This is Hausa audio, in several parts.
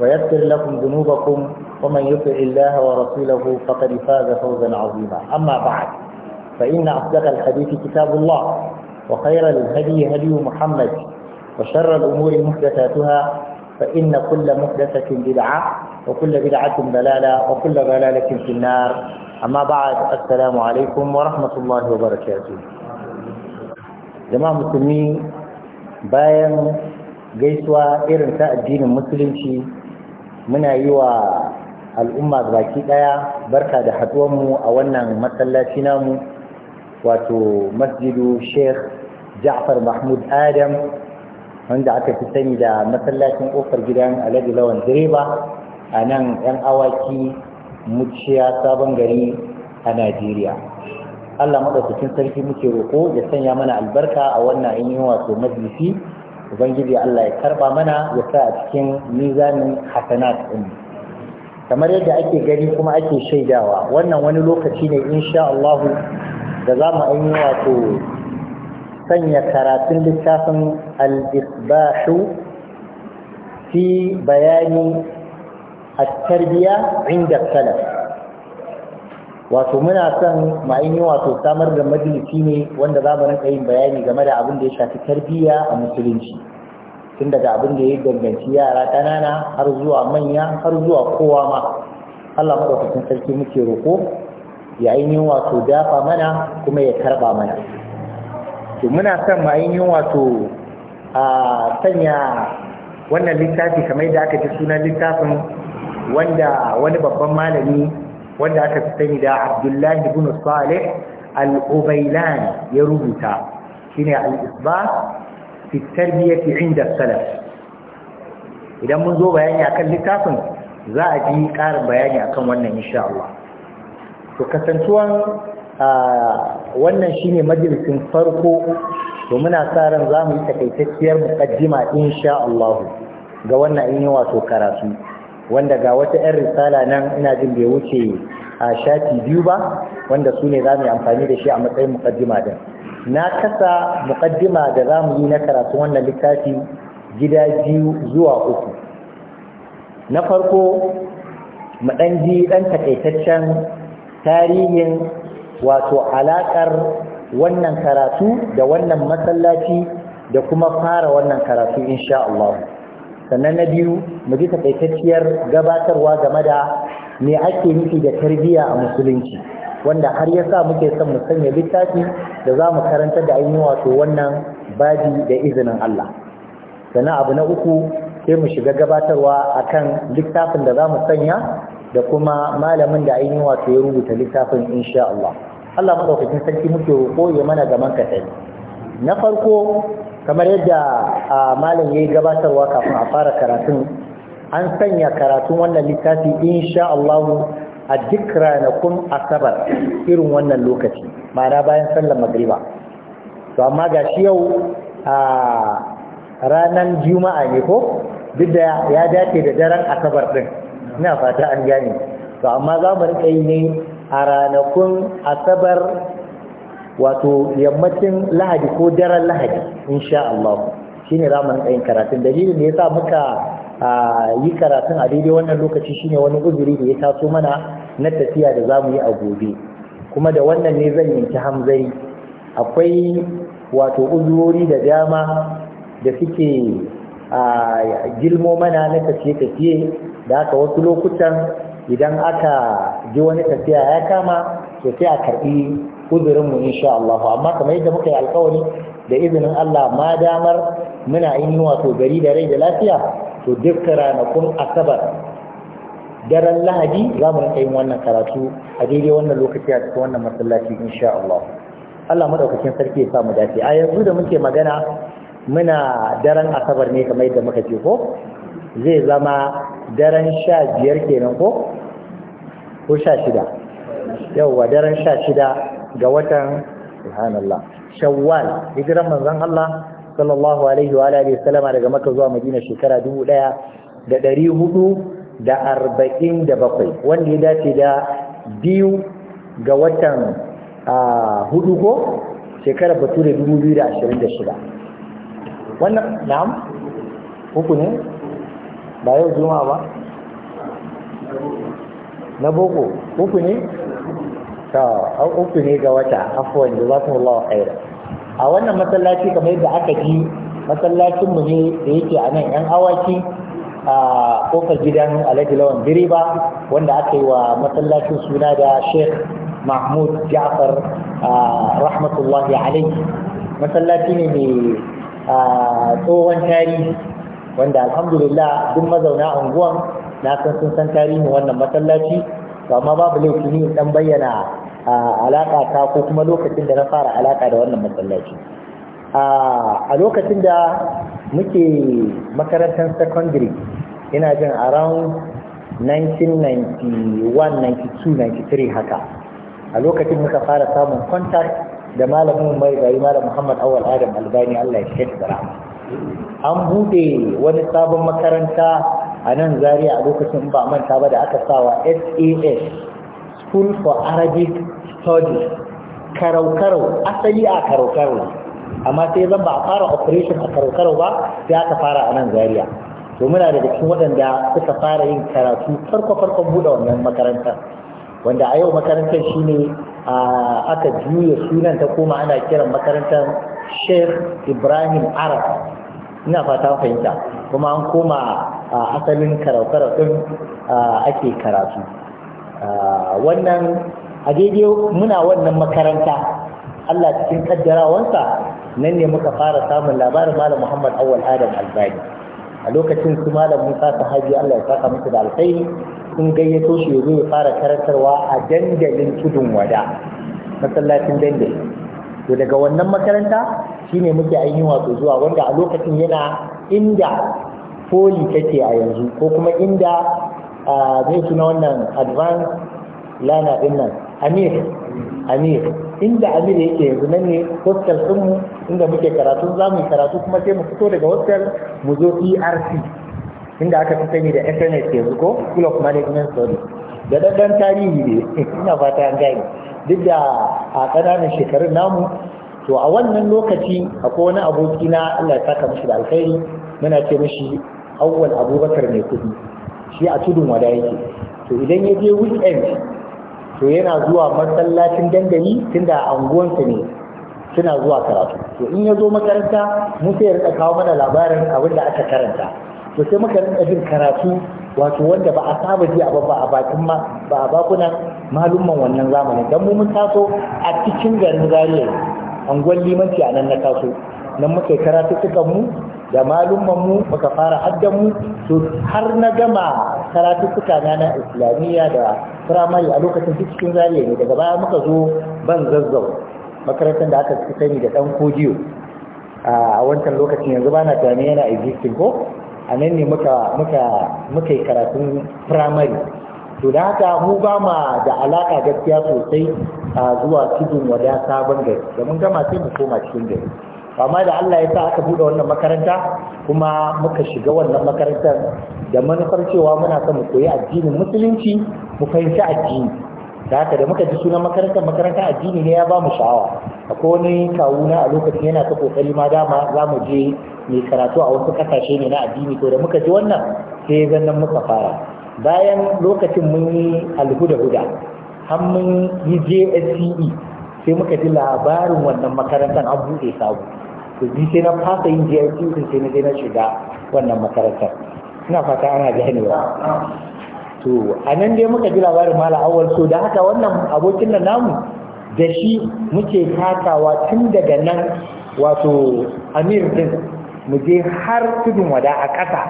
ويغفر لكم ذنوبكم ومن يطع الله ورسوله فقد فاز فوزا عظيما أما بعد فإن أصدق الحديث كتاب الله وخير الهدي هدي محمد وشر الأمور محدثاتها فإن كل محدثة بدعة وكل بدعة ضلالة وكل ضلالة في النار أما بعد السلام عليكم ورحمة الله وبركاته جماعة المسلمين باين gaisuwa irin ta addinin musulunci muna yi wa al'umma baki ɗaya, barka da haduwanmu a wannan masallaci namu wato masjidu sheikh ja'far mahmud adam wanda aka fi sani da masallacin ƙofar gidan alade lawan direba a nan yan awaki muciya sabon gari a najeriya allah maɗaukacin sarki muke roƙo ya sanya mana albarka a wannan ainihin wato majalisi ubangiji Allah ya karba mana ya sa a cikin mizanin hasanat din kamar yadda ake gani kuma ake shaidawa wannan wani lokaci ne insha Allah da za mu wato sanya karatun littafin al-isbahu fi bayani التربية inda السلف wato muna son ma'aini wato samar da majalisi ne wanda za mu rinka yin bayani game da abin da ya shafi tarbiyya a musulunci tun daga abin da ya danganci yara ƙanana har zuwa manya har zuwa kowa ma Allah madaukakin sarki muke roƙo ya ainihin wato dafa mana kuma ya karɓa mana to muna son ma'ainihin wato a sanya wannan littafi kamar yadda aka ji sunan littafin wanda wani babban malami wanda aka fi sani da abdullahi ibn salih al-ubailani ya rubuta shine al-isbat fi inda salaf idan mun zo bayani akan littafin za a ji ƙarin bayani akan wannan insha Allah to kasantuwan wannan shine majalisin farko to muna sa ran za mu yi takaitacciyar muƙaddima insha Allah ga wannan in wato karatu wanda ga wata 'yan risala nan ina jin bai wuce a shafi biyu ba wanda su ne za mu yi amfani da shi a matsayin mukaddima din na kasa mukaddima da za mu yi na karatu wannan littafi gida biyu zuwa uku na farko mu ɗan ji ɗan takaitaccen tarihin wato alaƙar wannan karatu da wannan masallaci da kuma fara wannan karatu insha Allah. sannan na biyu mu ji takaitacciyar gabatarwa game da me ake nufi da tarbiyya a musulunci wanda har ya sa muke son mu sanya littafi da za mu karanta da yi wato wannan babi da izinin Allah sannan abu na uku sai mu shiga gabatarwa akan littafin da za mu sanya da kuma malamin da yi wato ya rubuta littafin insha Allah Allah madaukakin sarki muke roƙo ya mana gaman sai na farko kamar yadda malam ya yi gabatarwa kafin a fara karatun an sanya karatun wannan littafi insha Allah a duk ranakun asabar irin wannan lokaci ma'ana bayan sallar magriba to amma ga shi yau a ranar juma'a ne ko duk da ya dace da daren asabar din ina fata an gane to amma za mu riƙe ne a ranakun asabar wato yammacin lahadi ko daren lahadi insha Allah shine ramar tsayin karatun dalilin da ya sa muka yi karatun a daidai wannan lokaci ne wani uzuri da ya taso mana na tafiya da za mu yi a gobe kuma da wannan ne zan yanki hamzari akwai wato uzurori da dama da suke gilmo mana na tafiye-tafiye da aka wasu lokutan idan aka ji wani tafiya ya kama to sai a karbi uzurinmu insha Allah amma kamar yadda muka yi alkawari da izinin Allah ma damar muna yi wato gari da rai da lafiya to duk ranakun asabar daren lahadi za mu rinka yin wannan karatu a daidai wannan lokaci a cikin wannan masallaci insha Allah Allah madaukakin sarki ya sa mu dace a yanzu da muke magana muna daren asabar ne kamar yadda muka ce ko zai zama daren sha biyar kenan ko ko sha shida yauwa daren sha shida ga watan subhanallah shawwal hijiran manzon Allah sallallahu alaihi wa alihi wasallama daga Makka zuwa Madina shekara 1447 wanda ya dace da biyu ga watan hudu ko shekara bature 2026 wannan na'am uku ne ba yau juma'a ba na boko uku ne to uku ne ga wata afuwan jazakumullahu khairan a wannan masallaci kamar yadda aka ji masallacin mu ne da yake a nan yan awaki a kofar gidan Alhaji Lawan Diriba wanda aka yi wa masallacin suna da Sheikh Mahmud Ja'far rahmatullahi alaihi masallaci ne mai tsohon tarihi wanda alhamdulillah duk mazauna unguwan na san sun san tarihin wannan masallaci to amma babu laifi ne dan bayyana alaka ta ko kuma lokacin da na fara alaka da wannan masallaci a lokacin da muke makarantar secondary ina jin around 1991 92 93 haka a lokacin muka fara samun contact da malamin mai gari malam Muhammad Awal Adam Albani Allah ya shi da an bude wani sabon makaranta a nan Zariya a lokacin ba manta ba da aka sawa sas school for arabic studies karau-karau asali a karau-karau amma sai zan ba a fara operation a karau-karau ba sai aka fara a nan Zariya. to muna da cikin waɗanda suka fara yin karatu farko-farkon buɗe wannan makarantar wanda a yau makarantar shine aka juya sunan ta koma ana kiran makarantar sheikh ibrahim arab ina fata fahimta kuma an koma a asalin karau-karau ɗin ake karatu wannan a daidai muna wannan makaranta Allah cikin kaddarawansa nan ne muka fara samun labarin malam Muhammad Awal Adam Albani a lokacin su malam Musa Sahabi Allah ya saka musu da alkhairi sun gayyato shi zo ya fara karantarwa a dandalin tudun wada masallacin dandali to daga wannan makaranta shine muke ainihin wato zuwa wanda a lokacin yana inda poli take a yanzu ko kuma inda zai suna wannan advance lana din nan amir amir inda amir yake yanzu nan ne hostel mu, inda muke karatu za mu yi karatu kuma sai mu fito daga hostel mu zo erc inda aka fi sani da fns yanzu ko school of management study da daddan tarihi ne ina fata an gani duk da a ƙananan shekarun namu to a wannan lokaci akwai wani aboki na Allah ya saka mishi da alkhairi muna ce mishi awwal abubakar mai kudi shi a tudun wada yake to idan ya je weekend to yana zuwa masallacin dandali tunda a unguwansa ne suna zuwa karatu to in ya zo makaranta mu sai rika kawo mana labarin abin da aka karanta to sai muka rika jin karatu wato wanda ba a saba ji a ba a bakin ma ba a bakunan malumman wannan zamanin dan mu mun taso a cikin garin Zaria unguwar limanci a nan na taso nan muke karatu tukan mu da malumman mu muka fara haddan mu to har na gama karatuttuka na na islamiyya da firamare a lokacin duk cikin zariya ne daga baya muka zo ban zazzau makarantar da aka fi sani da dan kojiyo a wancan lokacin yanzu ba na yana existing ko a nan ne muka muka muka yi karatun firamare to da haka mu ba ma da alaka gaskiya sosai a zuwa cikin wadata sabon da mun gama sai mu koma cikin gari amma da Allah ya sa aka buɗe wannan makaranta kuma muka shiga wannan makarantar da manufar cewa muna son mu koyi addinin musulunci mu fahimci addini da haka da muka ji sunan makarantar makaranta addini ne ya ba mu sha'awa akwai wani kawuna a lokacin yana ta kokari ma dama za mu je mai karatu a wasu kasashe ne na addini to da muka ji wannan sai ya nan muka fara bayan lokacin mun yi alhuda-huda har mun yi JSCE sai muka ji labarin wannan makarantar an buɗe sabu to ji sai na fasa yin GRC din sai na je na shiga wannan makarantar ina fata ana ganewa to a nan dai muka ji labarin mala awal so da haka wannan abokin nan namu da shi muke takawa tun daga nan wato amir din mu je har tudun wada a ƙasa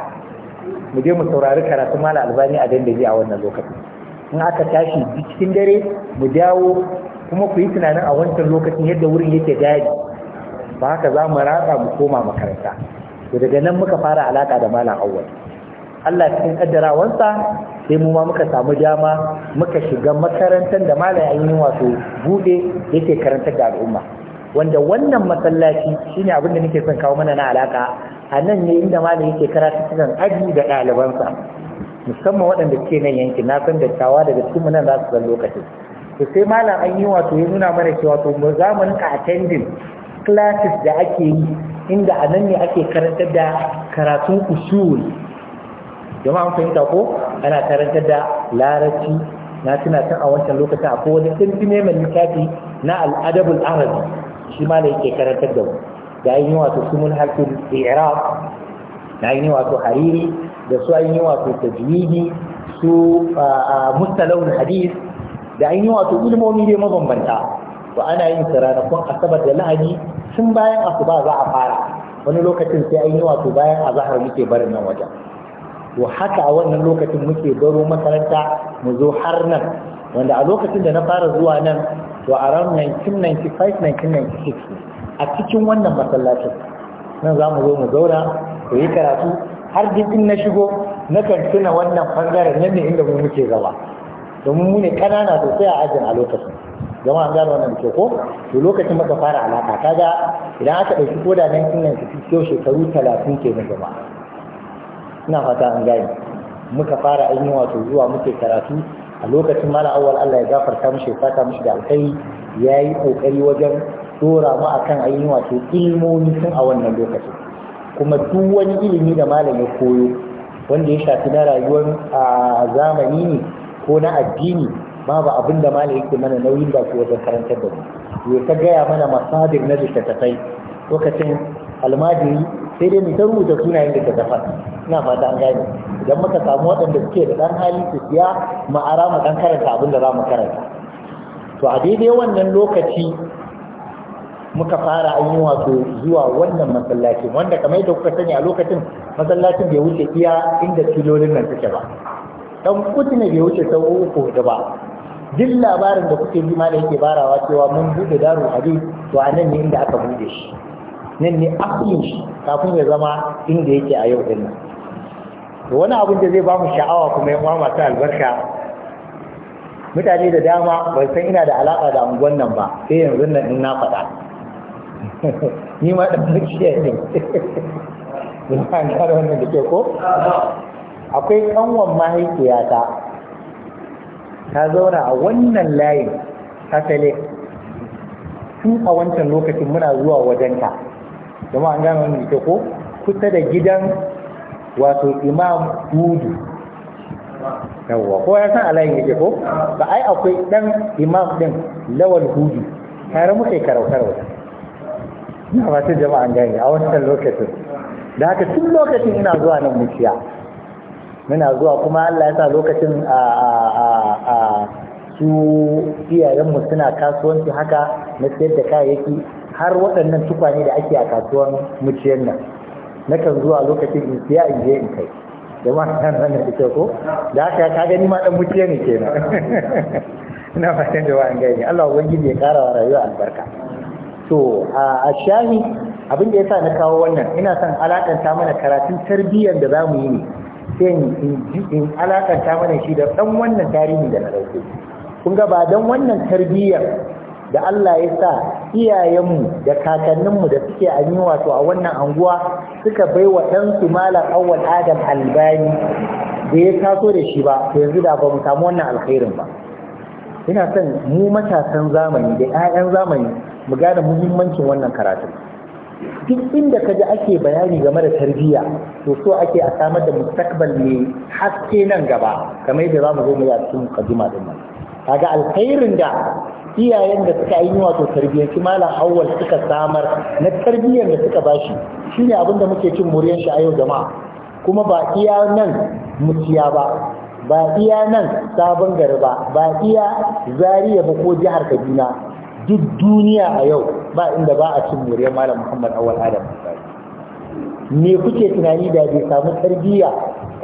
mu je mu saurari karatu mala albani a dandaji a wannan lokacin in aka tashi cikin dare mu dawo kuma ku yi tunanin a wancan lokacin yadda wurin yake gari ba haka za mu ratsa mu koma makaranta to daga nan muka fara alaka da malam awwal Allah cikin kaddarawansa sai mu ma muka samu dama muka shiga makarantar da malam ainihin wato bude yake karantar da al'umma wanda wannan masallaci shine abin da nake son kawo mana na alaka a nan ne inda malam yake karatu cikin aji da ɗalibansa musamman waɗanda ke nan yankin na san dattawa daga cikin nan za su san lokacin to sai malam an yi wato ya nuna mana cewa to mu za mu attending classes da ake yi inda a nan ne ake karantar da karatun usul jama'a an fahimta ko ana karantar da larabci na tuna tun a wancan lokacin akwai wani tsintime mai littafi na al'adabul arabi shi ma da yake karantar da mu da ainihin wato sumul harfin iraq da ainihin wato hariri da su ainihin wato tajwidi su ah, ah, mustalawul hadith da an wato ilmomi dai mabambanta to ana yin su ranakun asabar da lahani tun bayan asuba za a fara wani lokacin sai an wato bayan azahar muke barin nan wajen to haka a wannan lokacin muke baro makaranta mu zo har nan wanda a lokacin da na fara zuwa nan to a ran 1995 1996 a cikin wannan masallacin nan za mu zo mu zauna ku yi karatu har duk na shigo na kan tuna wannan bangaren nan ne inda mu muke zama domin mu ne kanana sosai a ajin a lokacin zama an gano wannan ke ko to lokacin muka fara alaka kaga idan aka ɗauki ko da 1996 yau shekaru talatin ke nan jama'a ina fata an gane muka fara ainihin wato zuwa muke karatu a lokacin mala awal Allah ya gafarta mishi ya fata mishi da alkai ya yi kokari wajen dora mu akan ainihin wato ilmomi tun a wannan lokacin kuma duk wani ilimi da malam ya koyo wanda ya shafi na rayuwar a zamani ne ko na addini ba abin da malai yake mana nauyin da su wajen karantar da mu ya ta gaya mana masadir na littattafai lokacin almajiri sai dai mu ta rubuta sunayen littattafan ina fata an gane idan muka samu waɗanda suke da ɗan hali su siya ma'ara mu ɗan karanta abin da za mu karanta to a daidai wannan lokaci muka fara an yi wato zuwa wannan masallacin wanda kamar yadda kuka sani a lokacin masallacin bai wuce iya inda filolin nan suke ba dan ne bai wuce sau uku da ba duk labarin da kuke ji ma da yake barawa cewa mun bude daru hadith to a nan ne inda aka bude shi nan ne asalin shi kafin ya zama inda yake a yau din nan to wani abin da zai ba mu sha'awa kuma yan uwa masu albarka mutane da dama bai san ina da alaka da unguwan nan ba sai yanzu nan in na faɗa ni ma dan ne ban an kare wannan da ke ko akwai kanwan mahaifiyata ta zauna a wannan layin hasale tun a wancan lokacin muna zuwa wajenta kuma an gano wani ko kusa da gidan wato imam hudu yawwa ko ya san alayin yake ko ba ai akwai dan imam din lawal hudu tare muka yi karau-karau na masu jama'an gani a wancan lokacin da haka tun lokacin ina zuwa nan muciya muna zuwa kuma Allah ya sa lokacin a a su mu suna kasuwanci haka na sayar da kayayyaki har waɗannan tukwane da ake a kasuwan muciyar nan na kan zuwa lokacin in siya in je in kai jama'a kan nan da ke ko da haka ka gani ma dan muciyar ne kenan ina fatan da wa'an gani Allah ubangiji ya kara wa rayuwa albarka to a shahi abin da yasa na kawo wannan ina son alakanta mana karatun tarbiyyar da zamu yi ne sai in alakanta mana shi da ɗan wannan tarihi da na dauke. kun ga ba don wannan tarbiyyar da Allah ya sa iyayenmu da kakanninmu da suke a yi wato a wannan anguwa suka bai wa ɗansu malam awwal adam albani da ya taso da shi ba to yanzu da ba mu samu wannan alkhairin ba ina son mu matasan zamani da 'ya'yan zamani mu gane muhimmancin wannan karatun. duk inda ka ji ake bayani game da tarbiyya to so ake a samar da mustakbal ne haske nan gaba kamar yadda za mu zo mu yi a cikin kaduma din nan kaga alkhairin da iyayen da suka yi wato tarbiyyanci malam awwal suka samar na tarbiyyar da suka bashi shine abin da muke cin muriyan shi a yau jama'a kuma ba iya nan mutiya ba ba iya nan sabon gari ba ba iya zariya ba ko jihar kaduna duk duniya a yau ba inda ba a cin Muryar malam muhammad awal adam me kuke tunani da bai samu tarbiyya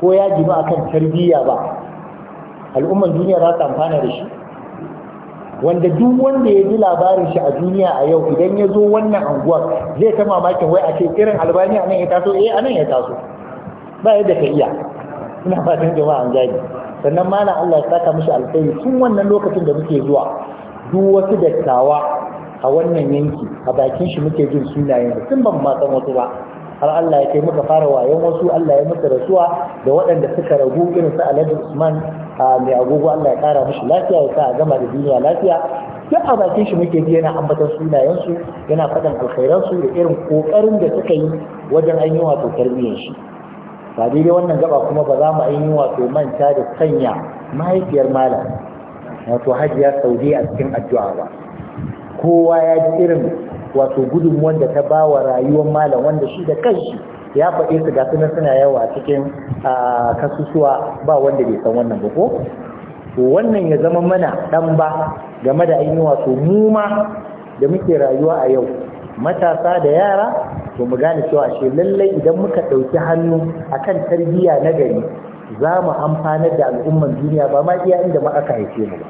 ko ya jima akan tarbiyya ba Al'ummar duniya za su amfana da shi wanda duk wanda ya ji labarin shi a duniya a yau idan ya zo wannan anguwar zai ta mamakin wai a ce irin albani a nan ya taso eh a nan ya taso ba yadda ka iya ina fatan jama'a an gani sannan mana Allah ya saka mishi alkhairi tun wannan lokacin da muke zuwa duk wasu dattawa a wannan yanki a bakin shi muke jin sunayen da sun ban ma san wasu ba har Allah ya kai muka fara wayan wasu Allah ya muka rasuwa da waɗanda suka ragu irin su Alhaji Usman mai agogo Allah ya kara mishi lafiya ya sa a gama da duniya lafiya duk a bakin shi muke ji yana ambatan sunayen su yana faɗan alkhairan su da irin kokarin da suka yi wajen an yi wato tarbiyyar shi ba daidai wannan gaba kuma ba za mu an yi wato manta da sanya mahaifiyar malam wato hajiya saudi a cikin addu'a ba kowa ya ji irin wato gudun da ta ba wa rayuwar malam wanda shi da kanshi ya faɗi su ga sunan suna yawa cikin kasusuwa ba wanda bai san wannan ba ko wannan ya zama mana ɗan ba game da ainihin wato mu ma da muke rayuwa a yau matasa da yara to mu gane cewa shi lallai idan muka ɗauki hannu akan tarbiyya na gari za mu amfanar da al'umman duniya ba ma iya inda ma aka haife mu ba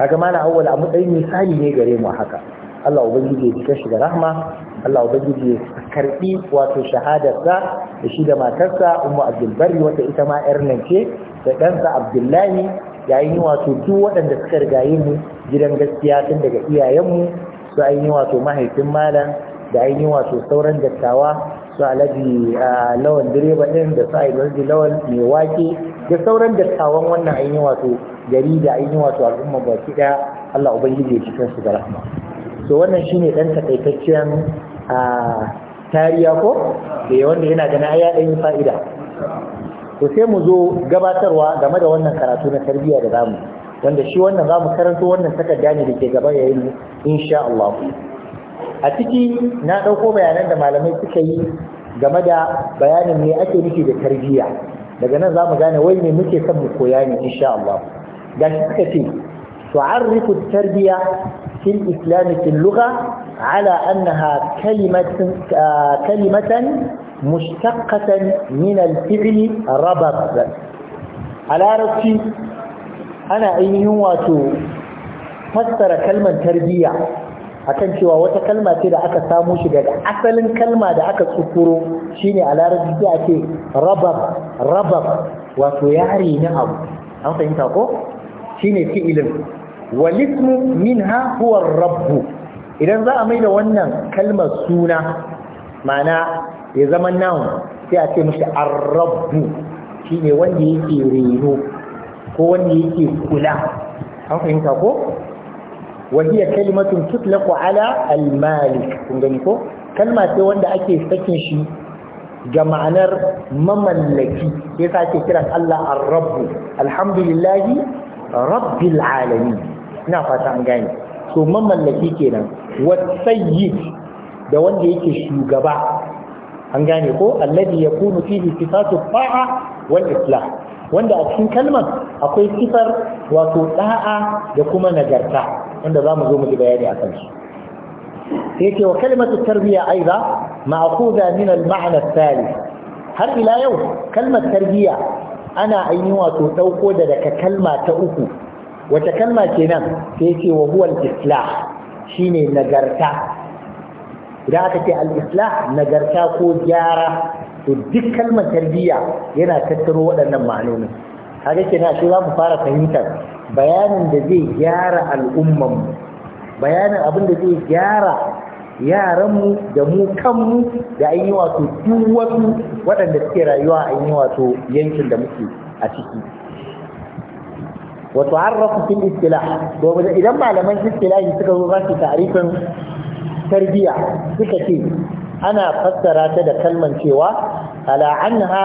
kaga mana awwal a matsayin misali ne gare mu haka Allah ubangiji ya cika shi da rahma Allah ubangiji ya karbi wato shahadarsa da shi da matarsa ummu abdul barri wata ita ma yar nan ce da ɗansa abdullahi yayin wato duk waɗanda suka rigaye mu gidan gaskiya tun daga iyayenmu su ainihin wato mahaifin malam da ainihin wato sauran dattawa su alabi lawan direba ɗin da su alabi lawan mai wake da sauran dattawan wannan ainihin wato gari da ainihin wato al'umma baki ɗaya Allah ubangiji ya cikin su da rahama so wannan shine ɗan takaitaccen tariya ko da eh, wanda yana ganin ya ɗan fa'ida to sai mu zo gabatarwa game da wannan karatu na tarbiyya da zamu wanda shi wannan zamu karanto wannan takarda ne da ke gaba yayin insha Allah a ciki na ɗauko bayanan da malamai suka yi game da bayanin ne ake nufi da tarbiyya daga nan za mu gane wai ne muke son mu koya ni, insha Allah ga suka ce to arrifu tarbiyya fil islami fil lugha ala kalimatan ah, kalimatan mushtaqatan min al a larabci ana ainihin wato fassara kalmar tarbiyya akan cewa wata kalma ce da aka samo shi daga asalin kalma da aka tsukuro shine a larabci sai ake rabab rabab wato yare na abu an fahimta ko shine fi'ilin walismu minha huwa rabbu idan za a mai da wannan kalmar suna ma'ana ya zama noun sai a ce mishi arrabbu shine wanda yake reno ko wanda yake kula an fahimta ko wa kalimatun tutlaku ala al-malik kun gani ko kalma ce wanda ake sakin shi ga ma'anar mamallaki sa sake kiran Allah ar-rabb alhamdulillahi rabbil alamin ina fata an gane so mamallaki kenan wasayyid da wanda yake shugaba an gane ko alladhi yakunu fihi sifatu ta'a wal islah wanda a cikin kalmar akwai sifar wato da'a da kuma nagarta wanda za mu zo mu ji bayani akan shi sai ce wa kalmatu tarbiya aiza ma'khudha min al-ma'na thalith har ila yau kalmar tarbiya ana ainihin wato dauko da daga kalma ta uku wata kalma kenan sai ce wa huwa al-islah shine nagarta idan aka ce al-islah nagarta ko gyara to duk kalmar tarbiyya yana tattaro waɗannan ma'anonin kaga kenan shi za mu fara fahimtar bayanin da zai gyara al'umman mu bayanin abin da zai gyara yaran mu da mu kanmu da an yi wato duk wasu waɗanda suke rayuwa an yi wato yankin da muke a ciki Wato ta'arrafu fil istilah domin idan malaman istilahi suka zo za su tarbiyya suka ce ana fassara ta da kalman cewa ala anha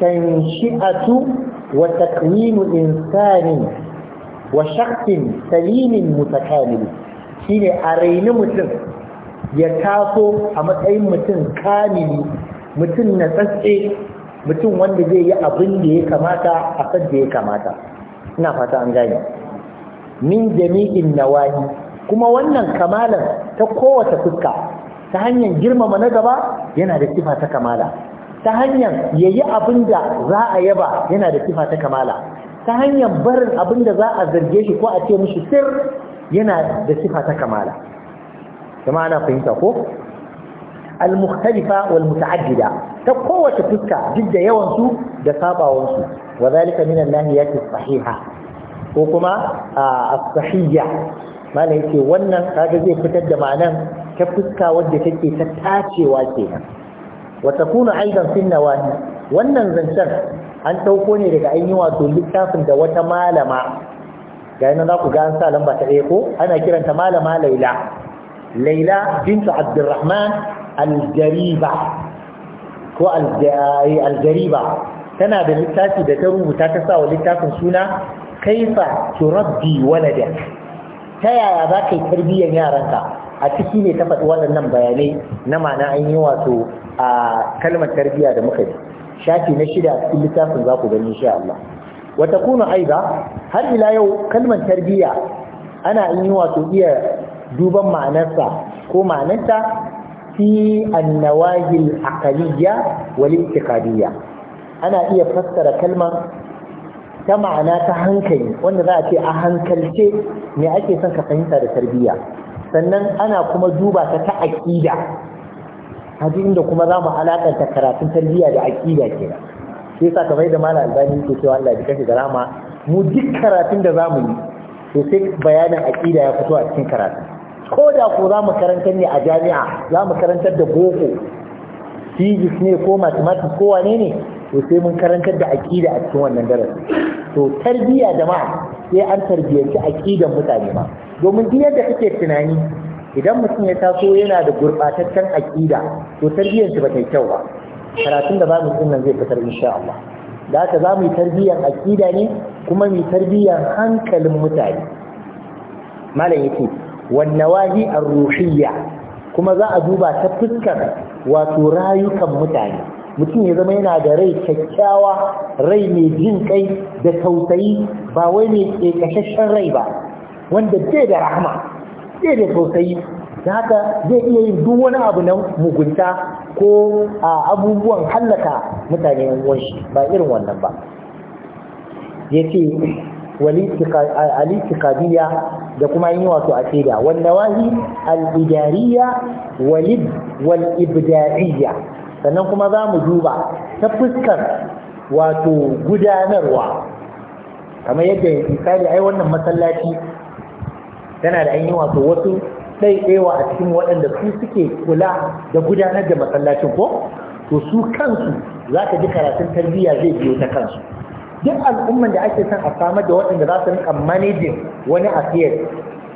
tanshi'atu wa takwinu insani wa shakkin salimin mutakamil shine a raini mutum ya taso a matsayin mutum kamili mutum na tsatse mutum wanda zai yi abin da ya kamata a kan da ya kamata ina fata an gane min jami'in nawahi kuma wannan kamalan ta kowace fuska ta hanyar girmama na gaba yana da sifa ta kamala ta hanyar yayi abin da za a yaba yana da sifa ta kamala ta hanyar barin abin da za a zarge shi ko a ce mishi sir yana da sifa ta kamala kuma ana fahimta ko al-mukhtalifa wal muta'addida ta kowace fuska duk da yawan su da sabawansu, su wa zalika min sahiha ko kuma as sahiya, malai ce wannan kaga zai fitar da ma'anan ta fuska wadda take ta tacewa kenan wa takunu aidan fi nawahi wannan zancen an dauko ne daga ainihin wato littafin da wata malama ga yana za ku ga an sa lamba ta ɗaya ko ana kiranta malama laila laila bintu abdurrahman aljariba ko eh, aljariba tana da littafi da ta rubuta ta sa wa littafin suna kaifa turabbi walada ta yaya za ka yi tarbiyyar yaranka a ciki ne ta faɗi waɗannan bayanai na ma'ana an yi wato a kalmar tarbiyya da muka yi shafi na shida a cikin littafin za ku gani insha Allah kuna aiba har ila yau kalmar tarbiyya ana an yi wato iya duban ma'anarsa ko ma'anarta fi annawahil aqaliyya wal i'tiqadiyya ana iya fassara kalmar ta ma'ana ta hankali wanda za a ce a hankalce me ake son ka fahimta da tarbiyya sannan ana kuma duba ta ta aƙida haji inda kuma za mu alaƙanta karatun tarbiyya da aƙida kenan shi yasa kamar yadda malam albani yake cewa Allah ya kashe da rama mu duk karatun da zamu yi to sai bayanin aƙida ya fito a cikin karatun ko da ko za mu karantar ne a jami'a za mu karantar da boko physics ne ko mathematics ko wane ne to sai mun karantar da aƙida a cikin wannan darasi to tarbiyya jama'a sai an tarbiyyance aƙidan mutane ma domin duk yadda kake tunani idan mutum ya taso yana da gurɓataccen aƙida to tarbiyyar ba ta yi kyau ba karatun da zamu yi nan zai fitar insha Allah da haka zamu yi tarbiyyar aƙida ne kuma mu tarbiyyar hankalin mutane malam yake wan nawahi ar-ruhiyya kuma za a duba ta fuskar wato rayukan mutane mutum ya zama yana da rai kyakkyawa rai mai jin kai da tausayi ba wai mai kekashashen rai ba wanda bai da rahama bai da tausayi da haka zai iya yin duk wani abu na mugunta ko a abubuwan hallaka mutane yan ba irin wannan ba yace al-itiqadiyya da kuma yin wato aqida wan nawahi al-idariyya walid wal sannan kuma za mu duba ta fuskar wato gudanarwa kamar yadda misali ai wannan masallaci tana da ainihin wato wasu ɗaiɗaiwa a cikin waɗanda su suke kula da gudanar da masallacin ko to su kansu za ka ji karatun tarbiyya zai biyo ta kansu duk al'umman da ake son a samar da waɗanda za su rika manajin wani affair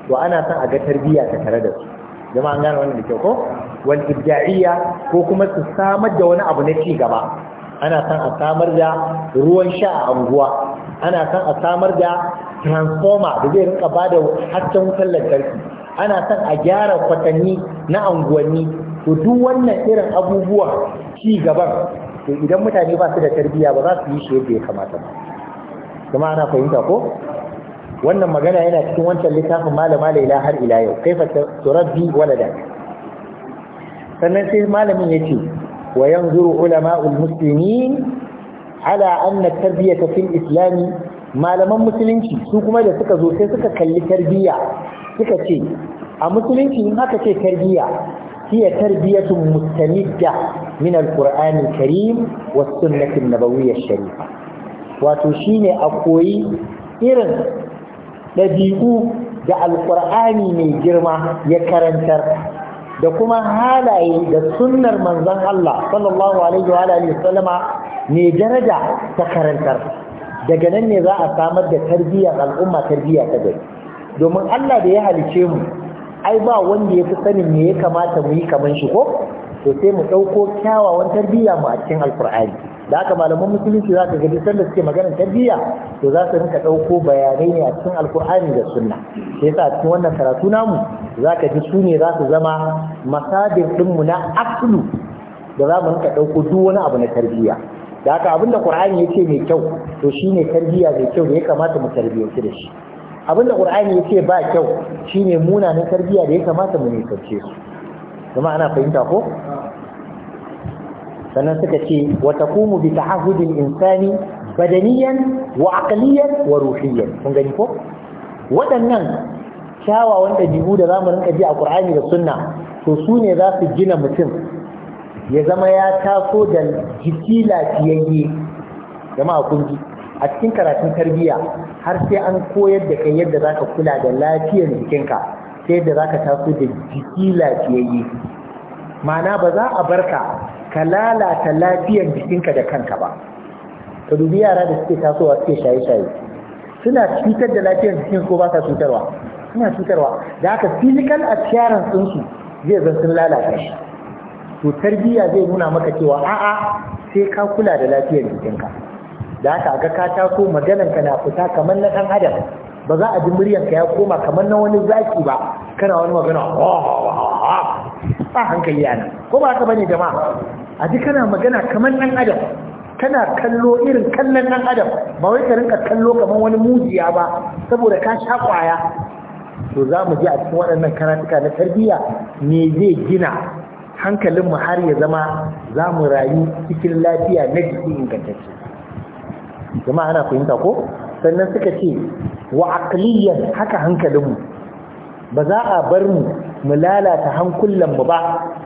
to ana son a ga tarbiyya ta tare da su jama an gane wannan da kyau ko wal ibda'iyya ko kuma su samar da wani abu na ci gaba ana son a samar da ruwan sha a anguwa ana son a samar da transformer da zai rinka ba da hasken wutar lantarki ana son a gyara kwatanni na unguwanni to duk wannan irin abubuwa ci gaban to idan mutane ba su da tarbiyya ba za su yi shi yadda ya kamata ba kuma ana fahimta ko wannan magana yana cikin wancan littafin malama laila har ila yau kaifa turabbi walada sannan sai malamin yace wa yanzuru ulama'ul muslimin ala anna tarbiyata fil islami malaman musulunci su kuma da suka zo sai suka kalli tarbiyya suka ce a musulunci in aka ce tarbiyya hiya tarbiyatun mustamidda min alqur'ani karim was sunnati nabawiyyah sharifa wato shine a koyi irin dabi'u da alqur'ani mai girma ya karantar da kuma halaye da sunnar manzon Allah sallallahu alaihi wa alihi sallama mai daraja ta karantar daga nan ne za a samar da tarbiyyar al'umma tarbiyya ta gari domin Allah da ya halice mu ai ba wanda ya fi sanin me ya kamata mu yi kamar shi ko to sai mu ɗauko kyawawan tarbiyya mu a cikin alkur'ani da haka malaman musulunci za ka ga duk sanda suke maganar tarbiyya to za su rinka ɗauko bayanai ne a cikin alkur'ani da sunna sai yasa cikin wannan karatu namu za ka ji su ne za su zama masadin ɗinmu na aslu da za mu rinka ɗauko duk wani abu na tarbiyya da haka abinda qur'ani yace mai kyau to shine tarbiyya mai kyau da ya kamata mu tarbiyyanci da shi abinda qur'ani yace ba kyau shine munanan tarbiya da ya kamata mu nisance su kuma ana fahimta ko sannan suka ce wa taqumu bi ta'ahudil insani badaniyan wa aqliyan wa ruhiyan kun gani ko waɗannan kyawawan ɗabi'u da mu rinka ji a ƙur'ani da Sunna to su ne za su gina mutum ya zama ya taso da jiki lafiyayye jama'a kun ji a cikin karatun tarbiyya har sai an koyar da kai yadda zaka kula da lafiyar jikinka sai yadda zaka taso da jiki lafiyayye ma'ana ba za a barka ka lalata lafiyar jikinka da kanka ba ka dubi yara da suke tasowa suke shaye-shaye suna cutar da lafiyar jikin ko ba sa cutarwa suna cutarwa da haka physical appearance su, zai zan sun lalata shi to tarbiyya zai nuna maka cewa a'a sai ka kula da lafiyar jikinka da haka ga ka taso maganar na fita kamar na ɗan adam ba za a ji muryar ya koma kamar na wani zaki ba kana wani magana oh, ba hankali yana ko ba haka bane jama'a a ji kana magana kamar ɗan adam kana kallo irin kallon ɗan adam ba wai ka rinka kallo kamar wani mujiya ba saboda ka sha kwaya to za mu je a cikin waɗannan karatuka na tarbiyya me zai gina hankalinmu har ya zama za mu rayu cikin lafiya na jiki ingantacce jama'a ana fahimta ko sannan suka ce wa aqliyan haka hankalinmu ba za a bar mu mu lalata hankulanmu ba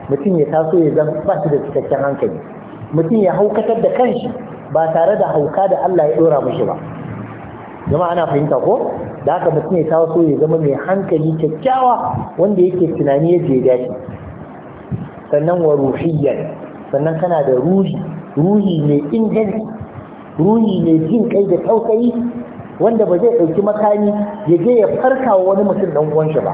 mutum ya taso ya zama ba shi da cikakken hankali mutum ya haukatar da kanshi ba tare da hauka da Allah ya dora mishi ba jama'a ana fahimta ko da haka mutum ya taso ya zama mai hankali kyakkyawa wanda yake tunani ya je sannan wa ruhiyyan sannan kana da ruhi ruhi mai inganci ruhi mai jin kai da tausayi wanda ba zai ɗauki makami ya je ya farka wa wani mutum ɗan uwansa ba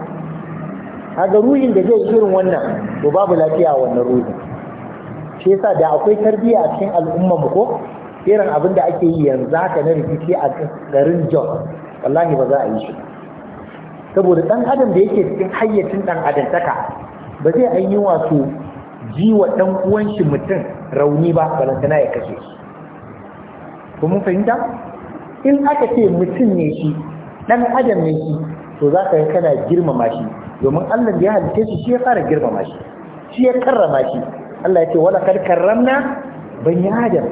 kaga ruhin da zai irin wannan to babu lafiya a wannan ruhi. shi yasa da akwai tarbiyya a cikin al'umma mu ko irin abin da ake yi yanzu haka na rikici a garin Jos wallahi ba za a yi shi saboda ɗan adam da yake cikin hayyacin ɗan adantaka. ba zai ainihin wato ji wa ɗan uwanshi mutum rauni ba balantana ya kashe shi mun fahimta in aka ce mutum ne shi ɗan adam ne shi to za ka yi kana girmama shi domin Allah da ya halitta shi shi ya fara girmama shi shi ya karrama shi Allah ya ce wala kar karramna bani adam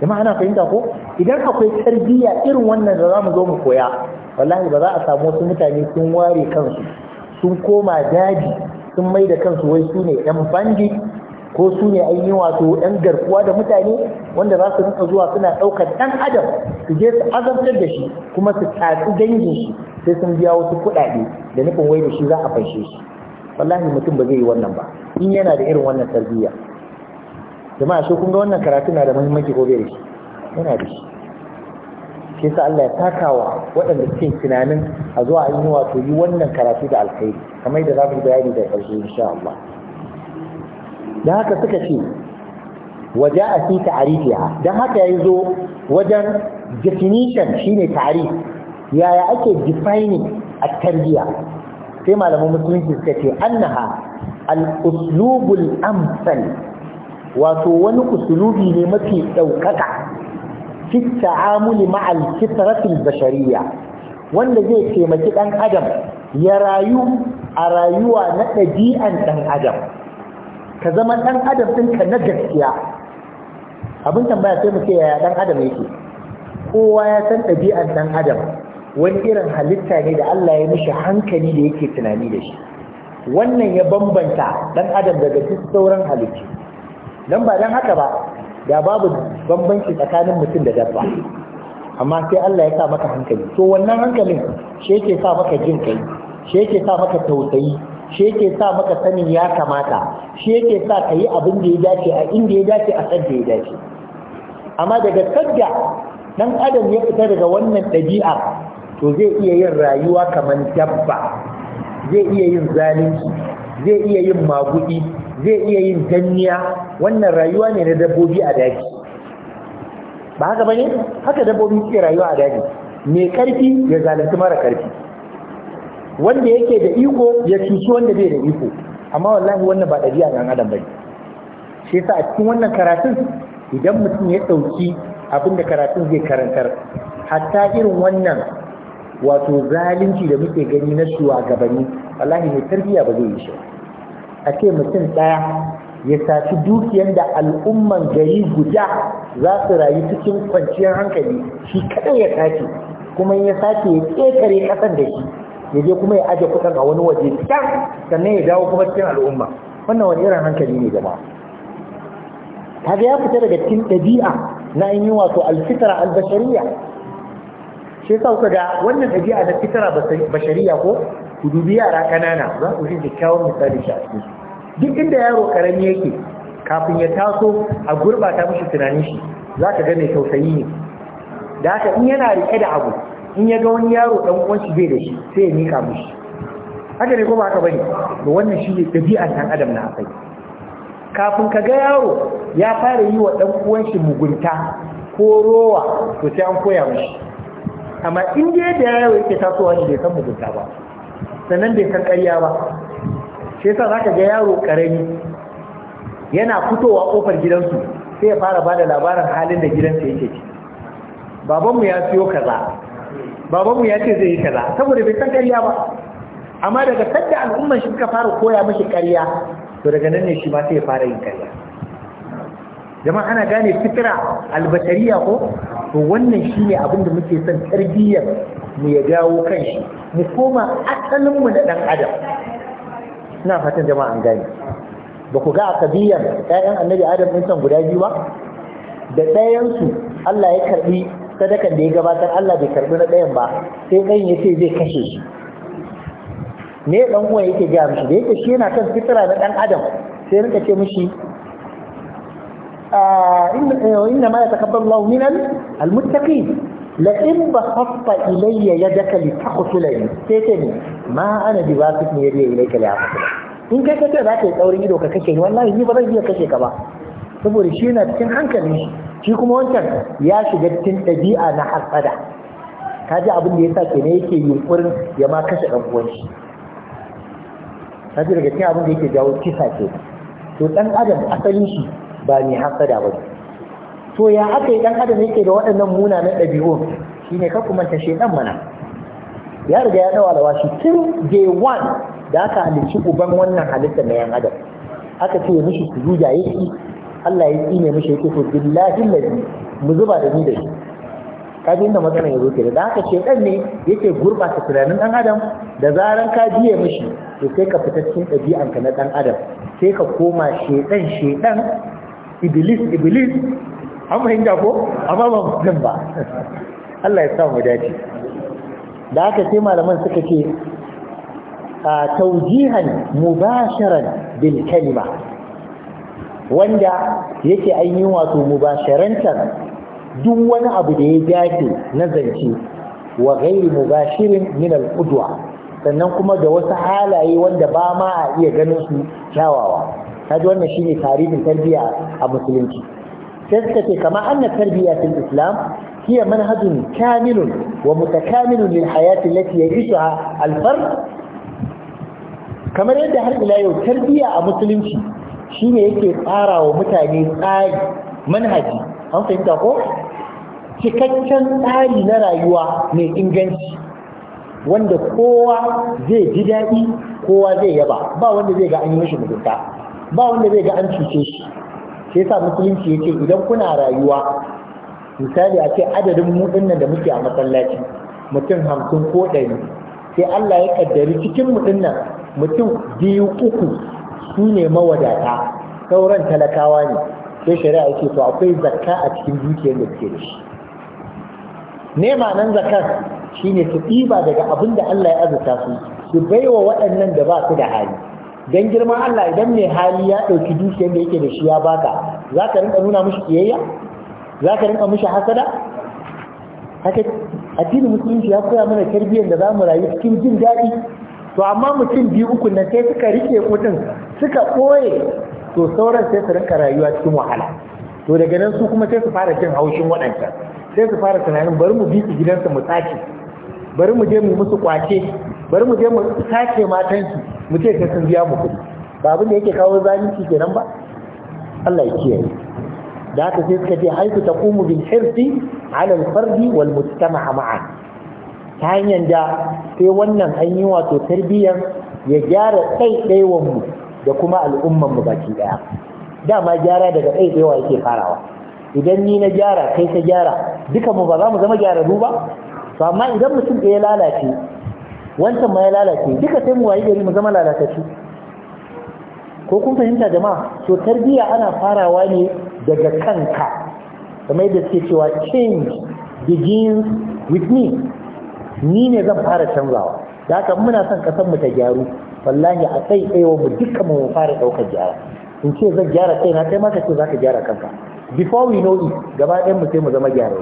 jama'a ana fahimta ko idan akwai tarbiyya irin wannan da za mu zo mu koya wallahi ba za a samu wasu mutane sun ware kansu sun koma daji sun mai da kansu wai su ne yan bandi ko su ne an yi wato yan garkuwa da mutane wanda za su rinka zuwa suna ɗaukar ɗan adam su je su azabtar da shi kuma su tatsi dangin shi sai sun biya wasu kuɗaɗe da nufin wai da shi za a fanshe shi wallahi mutum ba zai yi wannan ba in yana da irin wannan tarbiyya jama'a shi kun ga wannan karatu na da muhimmanci ko bai da shi yana da shi shi yasa Allah ya wa waɗanda suke tunanin a zuwa an yi wato yi wannan karatu da alkhairi kamar yadda za mu bayani da ƙarshe insha Allah dan haka suka ce waje a fi ta'arifiha dan haka ya zo wajen definition shine ta'arif yaya ake defining at-tarbiya sai malaman musulunci suka ce annaha al-uslubul amsal wato wani usulubi ne mafi ɗaukaka fi ta'amuli ma'al fitratil bashariya wanda zai taimaki dan adam ya rayu a rayuwa na ɗabi'an dan adam ka zama dan adam ka na gaskiya abin tambaya sai mu ce yaya dan adam yake kowa ya san ɗabi'an dan adam wani irin halitta ne da Allah ya mishi hankali da yake tunani da shi wannan ya bambanta dan adam daga duk sauran halittu dan ba dan haka ba da babu bambanci tsakanin mutum da dabba amma sai Allah ya sa maka hankali to wannan hankalin shi yake sa maka jin kai shi yake sa maka tausayi shi yake sa maka sanin ya kamata shi yake sa ka yi abin da ya dace a inda ya dace a sadda ya dace amma daga sadda dan adam ya fita daga wannan ɗabi'a to zai iya yin rayuwa kamar dabba zai iya yin zalunci zai iya yin magudi zai iya yin danniya wannan rayuwa ne na dabbobi a daji ba haka bane haka dabbobi suke rayuwa a daji mai karfi ya zalunci mara karfi wanda yake da iko ya cuci wanda bai da iko amma wallahi wannan ba ɗabi'a ɗan adam bane shi yasa a cikin wannan karatun idan mutum ya ɗauki abin da karatun zai karantar hatta irin wannan wato zalunci da muke gani na shugabanni wallahi mai tarbiya ba zai yi shi a ce mutum ɗaya ya saci dukiyar da al'umman gari guda za su rayu cikin kwanciyar hankali shi kaɗai ya sace kuma ya sace ya ƙetare ƙasar da shi ya je kuma ya aje kuɗin a wani waje can sannan ya dawo kuma cikin al'umma wannan wani irin hankali ne gaba? kaga ya fita daga cikin ɗabi'a na yin wato alfitara albashariya shi sa kuka ga wannan ɗabi'a da fitara bashariya ko ku dubi yara ƙanana za ku ji kyakkyawan misali shi a cikin duk inda yaro karami yake kafin ya taso a gurbata mishi tunanin shi za ka ga mai tausayi ne da haka in yana riƙe da abu in ya ga wani yaro ɗan uwan shi bai da shi sai ya mika mishi haka ne ko ba haka bane to wannan shi ne ɗabi'ar ɗan adam na asali kafin ka ga yaro ya fara yi wa ɗan uwan shi mugunta ko rowa to sai an koya mishi amma in dai da yaro yake tasowa ne bai san mugunta ba sannan bai san ƙarya ba shi yasa zaka ga yaro karami yana fitowa kofar gidansu sai ya fara bada labarin halin da gidansa yake ci babanmu ya siyo kaza babanmu ya ce zai yi kaza saboda bai san karya ba amma daga sanda al'umma shi suka fara koya mashi karya, to daga nan ne shi ma sai ya fara yin karya. jama'a ana gane fitira albashariya ko to wannan shine abin da muke son tarbiyyar mu ya dawo kan shi mu koma asalin mu na dan adam ina fatan jama'a an gane ba ku ga akabiyar ƴaƴan annabi adam din san guda biyu ba da ɗayan su Allah ya karbi sadakan da ya gabatar Allah bai karbi na ɗayan ba sai ɗayan ya zai kashe shi ne dan uwa yake gaya mishi da yake shi yana kan fitira na dan adam sai rinka ce mishi إنما يتقبل الله من المتقين لئن بسطت إلي يدك لتقتلني سيتني ما أنا بباسط يدي إليك لأقتلك in kai kace za ka yi tsaurin ido ka kashe ni wallahi ni ba zan iya kashe ka ba saboda shi yana cikin hankali shi kuma wancan ya shiga cikin ɗabi'a na hasada ka ji abin da ya sa kenan yake yunkurin ya ma kashe ɗan abin da jawo kisa ke to ɗan adam asalin ba mai hasada ba to ya aka yi dan adam yake da waɗannan munanan ɗabi'un shine ka kuma ta shedan mana ya riga ya dawa da washi tun day one da aka halicci uban wannan halitta na yan adam aka ce mishi sujuda yake Allah ya tsine mishi yake to billahi lazi mu zuba da ni da shi ka ji inda matsalar ya zo ke da haka ce ɗan ne yake gurɓata tunanin ɗan adam da zaran ka biye mishi to sai ka fita cikin ɗabi'anka na ɗan adam sai ka koma shedan shaiɗan. iblis iblis an fahimta ko amma ba mutum ba Allah ya samu dace da aka ce malaman suka ce a taujihan mubasharan bil kalima wanda yake ainihin wato mubasharantar duk wani abu da ya dace na zance wa ghairi mubashirin min al sannan kuma da wasu halaye wanda ba ma a iya ganin su kyawawa kaji wannan shine tarihin tarbiyya a musulunci sai ce kama anna tarbiyya fil islam hiya manhajun kamilun wa mutakamilun lil hayati allati ya'ishuha al kamar yadda har ila yau tarbiyya a musulunci shine yake tsara wa mutane tsari manhaji an fahimta ko cikakken tsari na rayuwa mai inganci wanda kowa zai ji daɗi kowa zai yaba ba wanda zai ga an yi mishi mugunta ba wanda zai ga an cuce shi shi yasa musulunci yake idan kuna rayuwa misali a ce adadin mu da muke a masallaci mutum hamsin ko ɗari sai Allah ya kaddari cikin mu dinnan mutum biyu uku su ne mawadata sauran talakawa ne sai shari'a yake to akwai zakka a cikin dukiyar da suke da shi ne nan zakar shine su ɗiba daga abin da Allah ya azurta su su baiwa waɗannan da ba su da hali dan girman Allah idan mai hali ya ɗauki dukiyar da yake da shi ya baka za ka rinka nuna mishi kiyayya za ka rinka mishi hasada haka addinin musulunci ya koya mana tarbiyyar da za mu rayu cikin jin daɗi to amma mutum biyu uku nan sai suka rike kuɗin suka ɓoye to sauran sai su rinka rayuwa cikin wahala to daga nan su kuma sai su fara jin haushin waɗancan sai su fara tunanin bari mu bi su gidansa mu tsaki bari mu je mu musu kwace bari mu je mu sace matanki mu ce ka sun biya mu kuɗi ba abin da yake kawo zalunci kenan ba Allah ya kiyaye da haka sai suka ce haifu ta kumu bin hirsi ala alfardi wal mujtama'a ma'a ta hanyar da sai wannan an yi wato tarbiyyar ya gyara ɗaiɗaiwan mu da kuma al'umman mu baki daya dama gyara daga ɗaiɗaiwa yake farawa idan ni na gyara kai ka gyara duka mu ba za mu zama gyararru ba to amma idan mutum ɗaya lalace wancan ma ya lalace duka sai mu wayi gari mu zama lalatacci ko kun fahimta jama'a to tarbiyya ana farawa ne daga kanka kamar yadda suke cewa change begins with me ni ne zan fara canzawa da haka muna son kasan mu ta gyaru wallahi a sai tsayawa mu dukkan mu fara daukar gyara in ce zan gyara kai na kai ma kace zaka gyara kanka before we know it gaba ɗayan mu sai mu zama gyara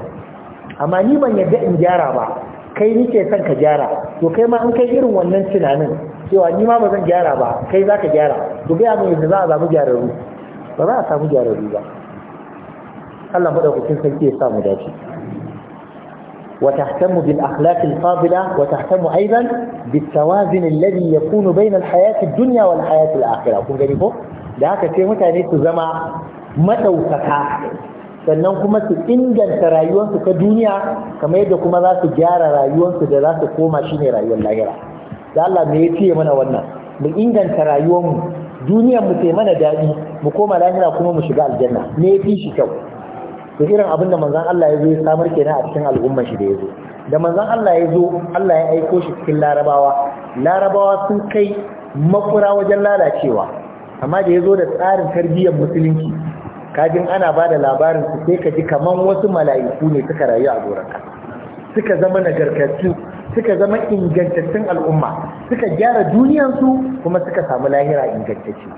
amma ni ban yadda in gyara ba kai nike son ka gyara to kai ma an kai irin wannan tunanin cewa ni ma ba zan gyara ba kai za ka gyara to gaya mai za a samu gyararru ba za a samu gyararru ba Allah faɗa kusur sai ke sa mu dace wa tahtamu bil akhlaq al fadila wa tahtamu aidan bit tawazun alladhi yakunu bayna al hayat ad kun gani ko da haka sai mutane su zama maɗaukaka. sannan kuma su inganta rayuwarsu ta duniya kamar yadda kuma za su gyara rayuwarsu da za su koma ne rayuwar lahira da Allah me ya fiye mana wannan mu inganta rayuwarmu duniyar mu sai mana daɗi mu koma lahira kuma mu shiga aljanna me ya fi shi kyau to irin abin da manzon Allah ya zo ya samar kenan a cikin al'umman shi da ya zo da manzon Allah ya zo Allah ya aiko shi cikin larabawa larabawa sun kai makura wajen lalacewa amma da ya zo da tsarin tarbiyyar musulunci kajin ana ba da labarin su sai ka ji kaman wasu mala'iku ne suka rayu a doron suka zama nagartattu suka zama ingantattun al'umma suka gyara duniyansu kuma suka samu lahira ingantacce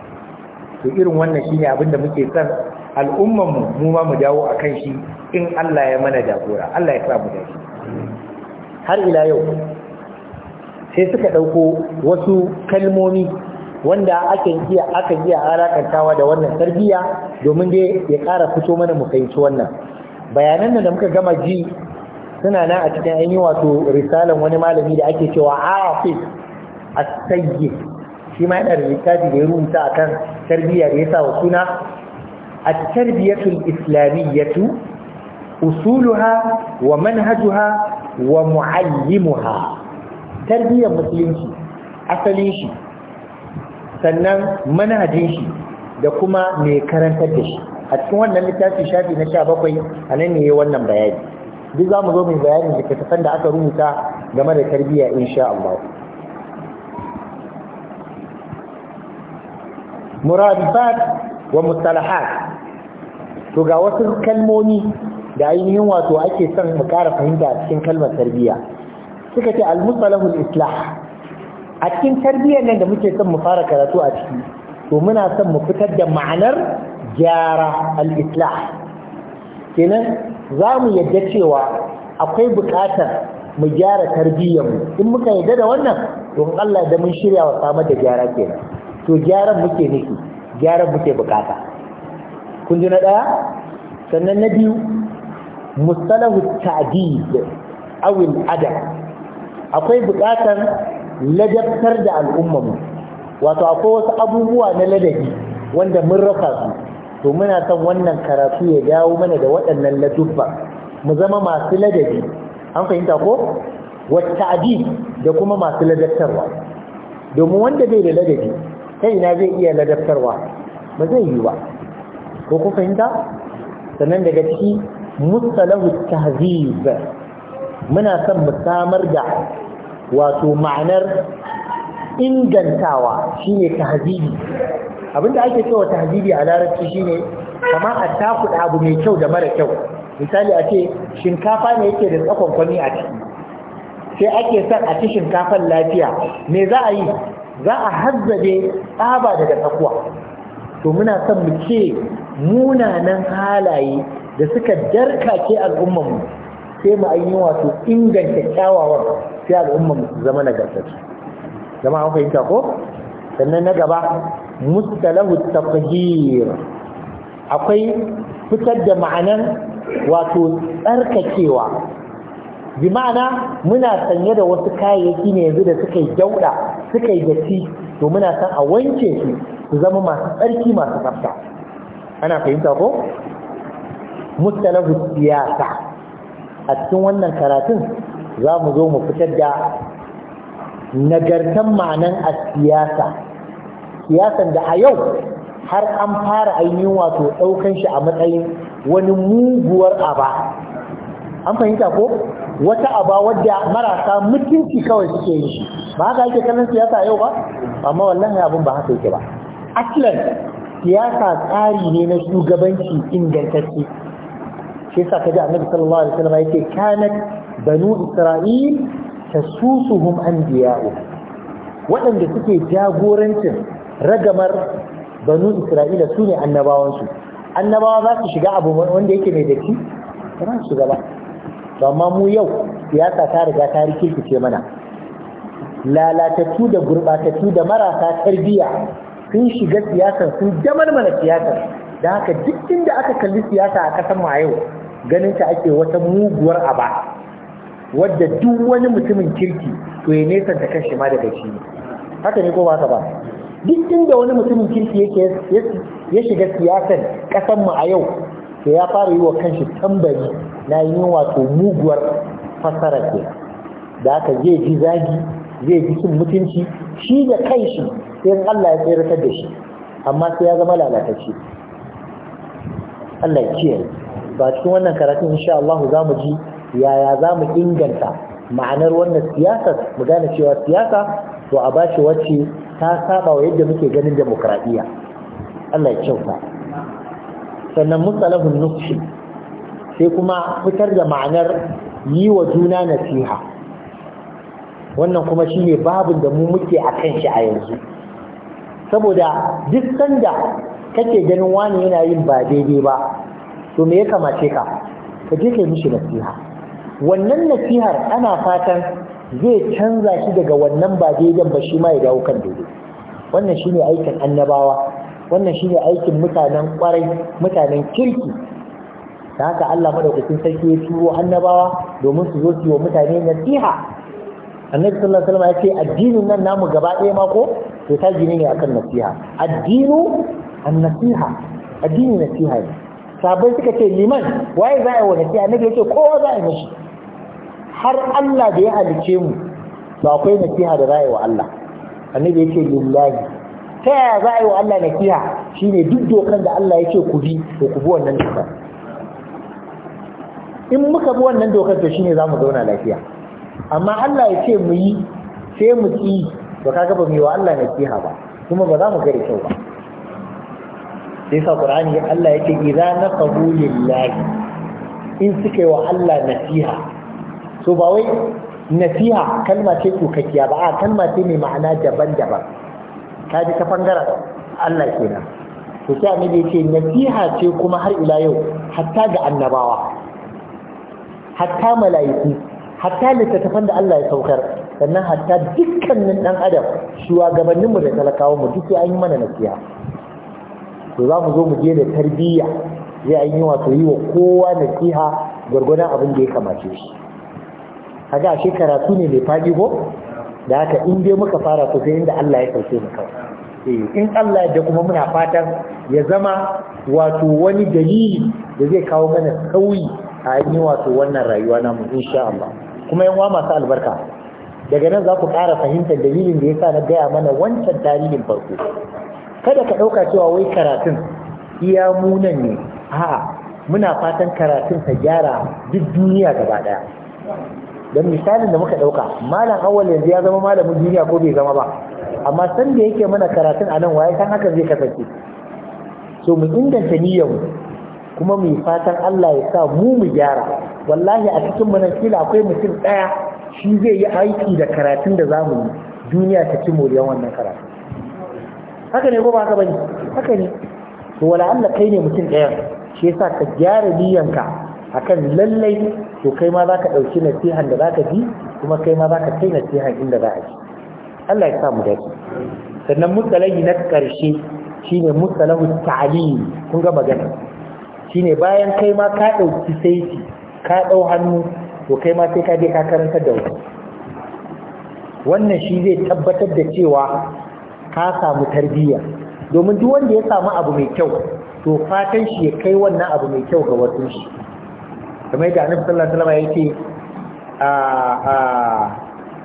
to irin wannan shine abin da muke son al'ummanmu mu ma mu dawo a kan shi in Allah ya mana jagora Allah ya sa mu dace har ila yau sai suka ɗauko wasu kalmomi wanda akan iya akan iya alakantawa da wannan tarbiyya domin dai ya ƙara fito mana mu fahimci wannan bayanan da muka gama ji suna nan a cikin ainihin wato risalan wani malami da ake cewa afis as-sayyid shi ma yana da littafi da ya rubuta akan tarbiyya da ya sa wa suna Usuluha wa manhajuha wa ومعلمها tarbiyyar musulunci asalin shi. sannan manhajin shi da kuma mai karantar da shi a cikin wannan littafi shafi na sha bakwai a nan ne wannan bayani duk za mu zo mai bayanin littattafan da aka rubuta game da tarbiyya insha Allah Murabifat wa mustalahat to ga wasu kalmomi da ainihin wato ake son mu ƙara fahimta a cikin kalmar tarbiyya suka ce al-mustalahul islah a cikin tarbiyyar nan da muke son mu fara karatu a ciki to muna son mu fitar da ma'anar gyara al-islah kenan za mu yadda cewa akwai buƙatar mu gyara tarbiyyar mu in muka yadda da wannan to Allah da mun shirya wa samar da gyara kenan to gyaran muke nufi gyaran muke bukata kun ji na ɗaya sannan na biyu musalahu ta'did awil adab akwai buƙatar ladabtar da al'ummarmu wato akwai wasu abubuwa na ladabi wanda mun rasa su to muna son wannan karatu ya dawo mana da waɗannan ladubba mu zama masu ladabi an fahimta ko wata adi da kuma masu ladabtarwa domin wanda bai da ladabi kai na zai iya ladabtarwa ba zai yi ba ko ku fahimta sannan daga ciki mustalahu tahzib muna son mu samar da wato ma'anar ingantawa shine tahzibi abinda ake cewa tahzibi a larabci shine kama a takuɗa abu mai kyau da mara kyau misali a ce shinkafa ne yake da tsakon kwami a ciki sai ake san a ci shinkafan lafiya me za a yi za a hazzabe tsaba daga tsakuwa to muna san mu ce munanan halaye da suka darkake mu sai mu yi wato inganta kyawawan sai al'umma mu zama nagartacce zama an fahimta ko sannan na gaba mustalahu tafhir akwai fitar da ma'anan wato tsarkakewa bi ma'ana muna sanye da wasu kayayyaki ne yanzu da suka yi dauda suka yi datti to muna san a wanke su su zama masu tsarki masu tsafta ana fahimta ko mustalahu siyasa a cikin wannan karatun za mu zo mu fitar da nagartan ma'anan a siyasa siyasan da a yau har an fara ainihin wato ɗaukan shi a matsayin wani muguwar aba an fahimta ko wata aba wadda marasa mutunci kawai suke yin shi ba haka ake kallon siyasa yau ba amma wallahi abin ba haka yake ba aslan siyasa tsari ne na shugabanci ingantacce shi yasa kaji annabi sallallahu alaihi wasallam yake kanat banu isra'il tasusuhum anbiya'u waɗanda suke jagorancin ragamar banu isra'ila sune annabawansu annabawa za su shiga abu wanda yake mai daki ba su gaba to amma mu yau siyasa ta riga ta rikirkice mana lalatattu da gurɓatattu da marasa tarbiyya sun shiga siyasa sun damar mana siyasa da haka duk inda aka kalli siyasa a ƙasar mu a yau ganin ta ake wata muguwar aba wadda duk wani mutumin kirki to ya nesa ta kanshi ma daga shi haka ne ko ba ka ba duk inda wani mutumin kirki yake ya shiga siyasar kasan mu a yau to ya fara yi wa kanshi tambari na yi wato muguwar fasara ke da aka zai ji zagi zai ji cin mutunci shi da kai shi, sai Allah ya ta da shi amma sai ya zama lalatacce Allah ya kiyaye ba cikin wannan karatun insha Allah za mu ji yaya za mu inganta ma'anar wannan siyasar mu gane cewa siyasa to a bashi wacce ta saba wa yadda muke ganin demokradiyya Allah ya kyauta sannan musalahun nufshi sai kuma fitar da ma'anar yi wa juna nasiha wannan kuma shine babin da mu muke a kan shi a yanzu saboda duk sanda kake ganin wani yana yin ba daidai ba to me ya kamace ka ka je kai mishi nasiha wannan nasihar ana fatan zai canza shi daga wannan ba daidan ba shi ma ya dawo kan daidai wannan shine aikin annabawa wannan shine aikin mutanen kwarai mutanen kirki da haka Allah madaukakin sarki ya turo annabawa domin su zo su yi wa mutane nasiha annabi sallallahu alaihi wasallam ya ce addinin nan namu gaba ɗaya mako? ko to ta gine ne akan nasiha addinu an nasiha addini nasiha ne sabai suka ce liman waye za a wani siya ya ce kowa za a yi mishi har Allah da ya halice mu to akwai nasiha da rayuwa a yi wa Allah annabi yake ce lillahi ta yaya za a yi wa Allah nasiha shine duk dokan da Allah ya ce ku bi to ku bi wannan dokan in muka bi wannan dokan to shine za mu zauna lafiya amma Allah ya ce mu yi sai mu ci to kaga ba mu yi wa Allah nasiha ba kuma ba za mu gare kyau ba sai sa qur'ani Allah yake idza naqabu lillahi in suka yi wa Allah nasiha so ba wai nasiha kalma ce kokakkiya ba a kalma ce mai ma'ana daban-daban ka ji ta bangaren Allah kenan to sai annabi yake nasiha ce kuma har ila yau hatta ga annabawa hatta mala'iku hatta littattafan da Allah ya saukar sannan hatta dukkanin dan adam shugabanninmu da talakawanmu duk sai an yi mana nasiha to za mu zo mu je da tarbiyya zai an yi wato yi wa kowa nasiha gwargwadon abin da ya kamace shi ga ashe karatu ne mai faɗi ko da haka in dai muka fara to sai inda Allah ya sauke mu kawai eh, in Allah da kuma muna fatan ya zama wato wani dalili da zai kawo mana sauyi a yi wato wannan rayuwa namu insha Allah kuma yan masu albarka daga nan za ku ƙara fahimtar dalilin da ya sa na gaya mana wancan tarihin farko kada ka ɗauka cewa wai karatun iya munan ne a'a muna fatan karatun ta gyara duk duniya gaba ɗaya don misalin da muka ɗauka malam awal yanzu ya zama malamin duniya ko bai zama ba amma san da yake mana karatun a nan waye san haka zai kasance so mu inganta niyyar mu kuma mu fatan Allah ya sa mu mu gyara wallahi a cikin mu nan kila akwai mutum ɗaya shi zai yi aiki da karatun da zamu yi duniya ta ci moriyar wannan karatun haka ne ko ba haka bane haka ne to wala Allah kai ne mutum ɗaya shi yasa ka gyara ka akan lallai to kai ma zaka dauki nasihan da zaka bi kuma kai ma zaka kai nasihan inda za a ji Allah ya sa mu dace sannan mutsalahi na karshe shine mutsalahu ta'lim kun ga magana shine bayan kai ma ka dauki saiti ka dau hannu to kai ma sai ka je ka karanta da wannan shi zai tabbatar da cewa ka samu tarbiyya domin duk wanda ya samu abu mai kyau to fatan shi ya kai wannan abu mai kyau ga wasu shi kamar yadda annabi sallallahu alaihi wasallam yake a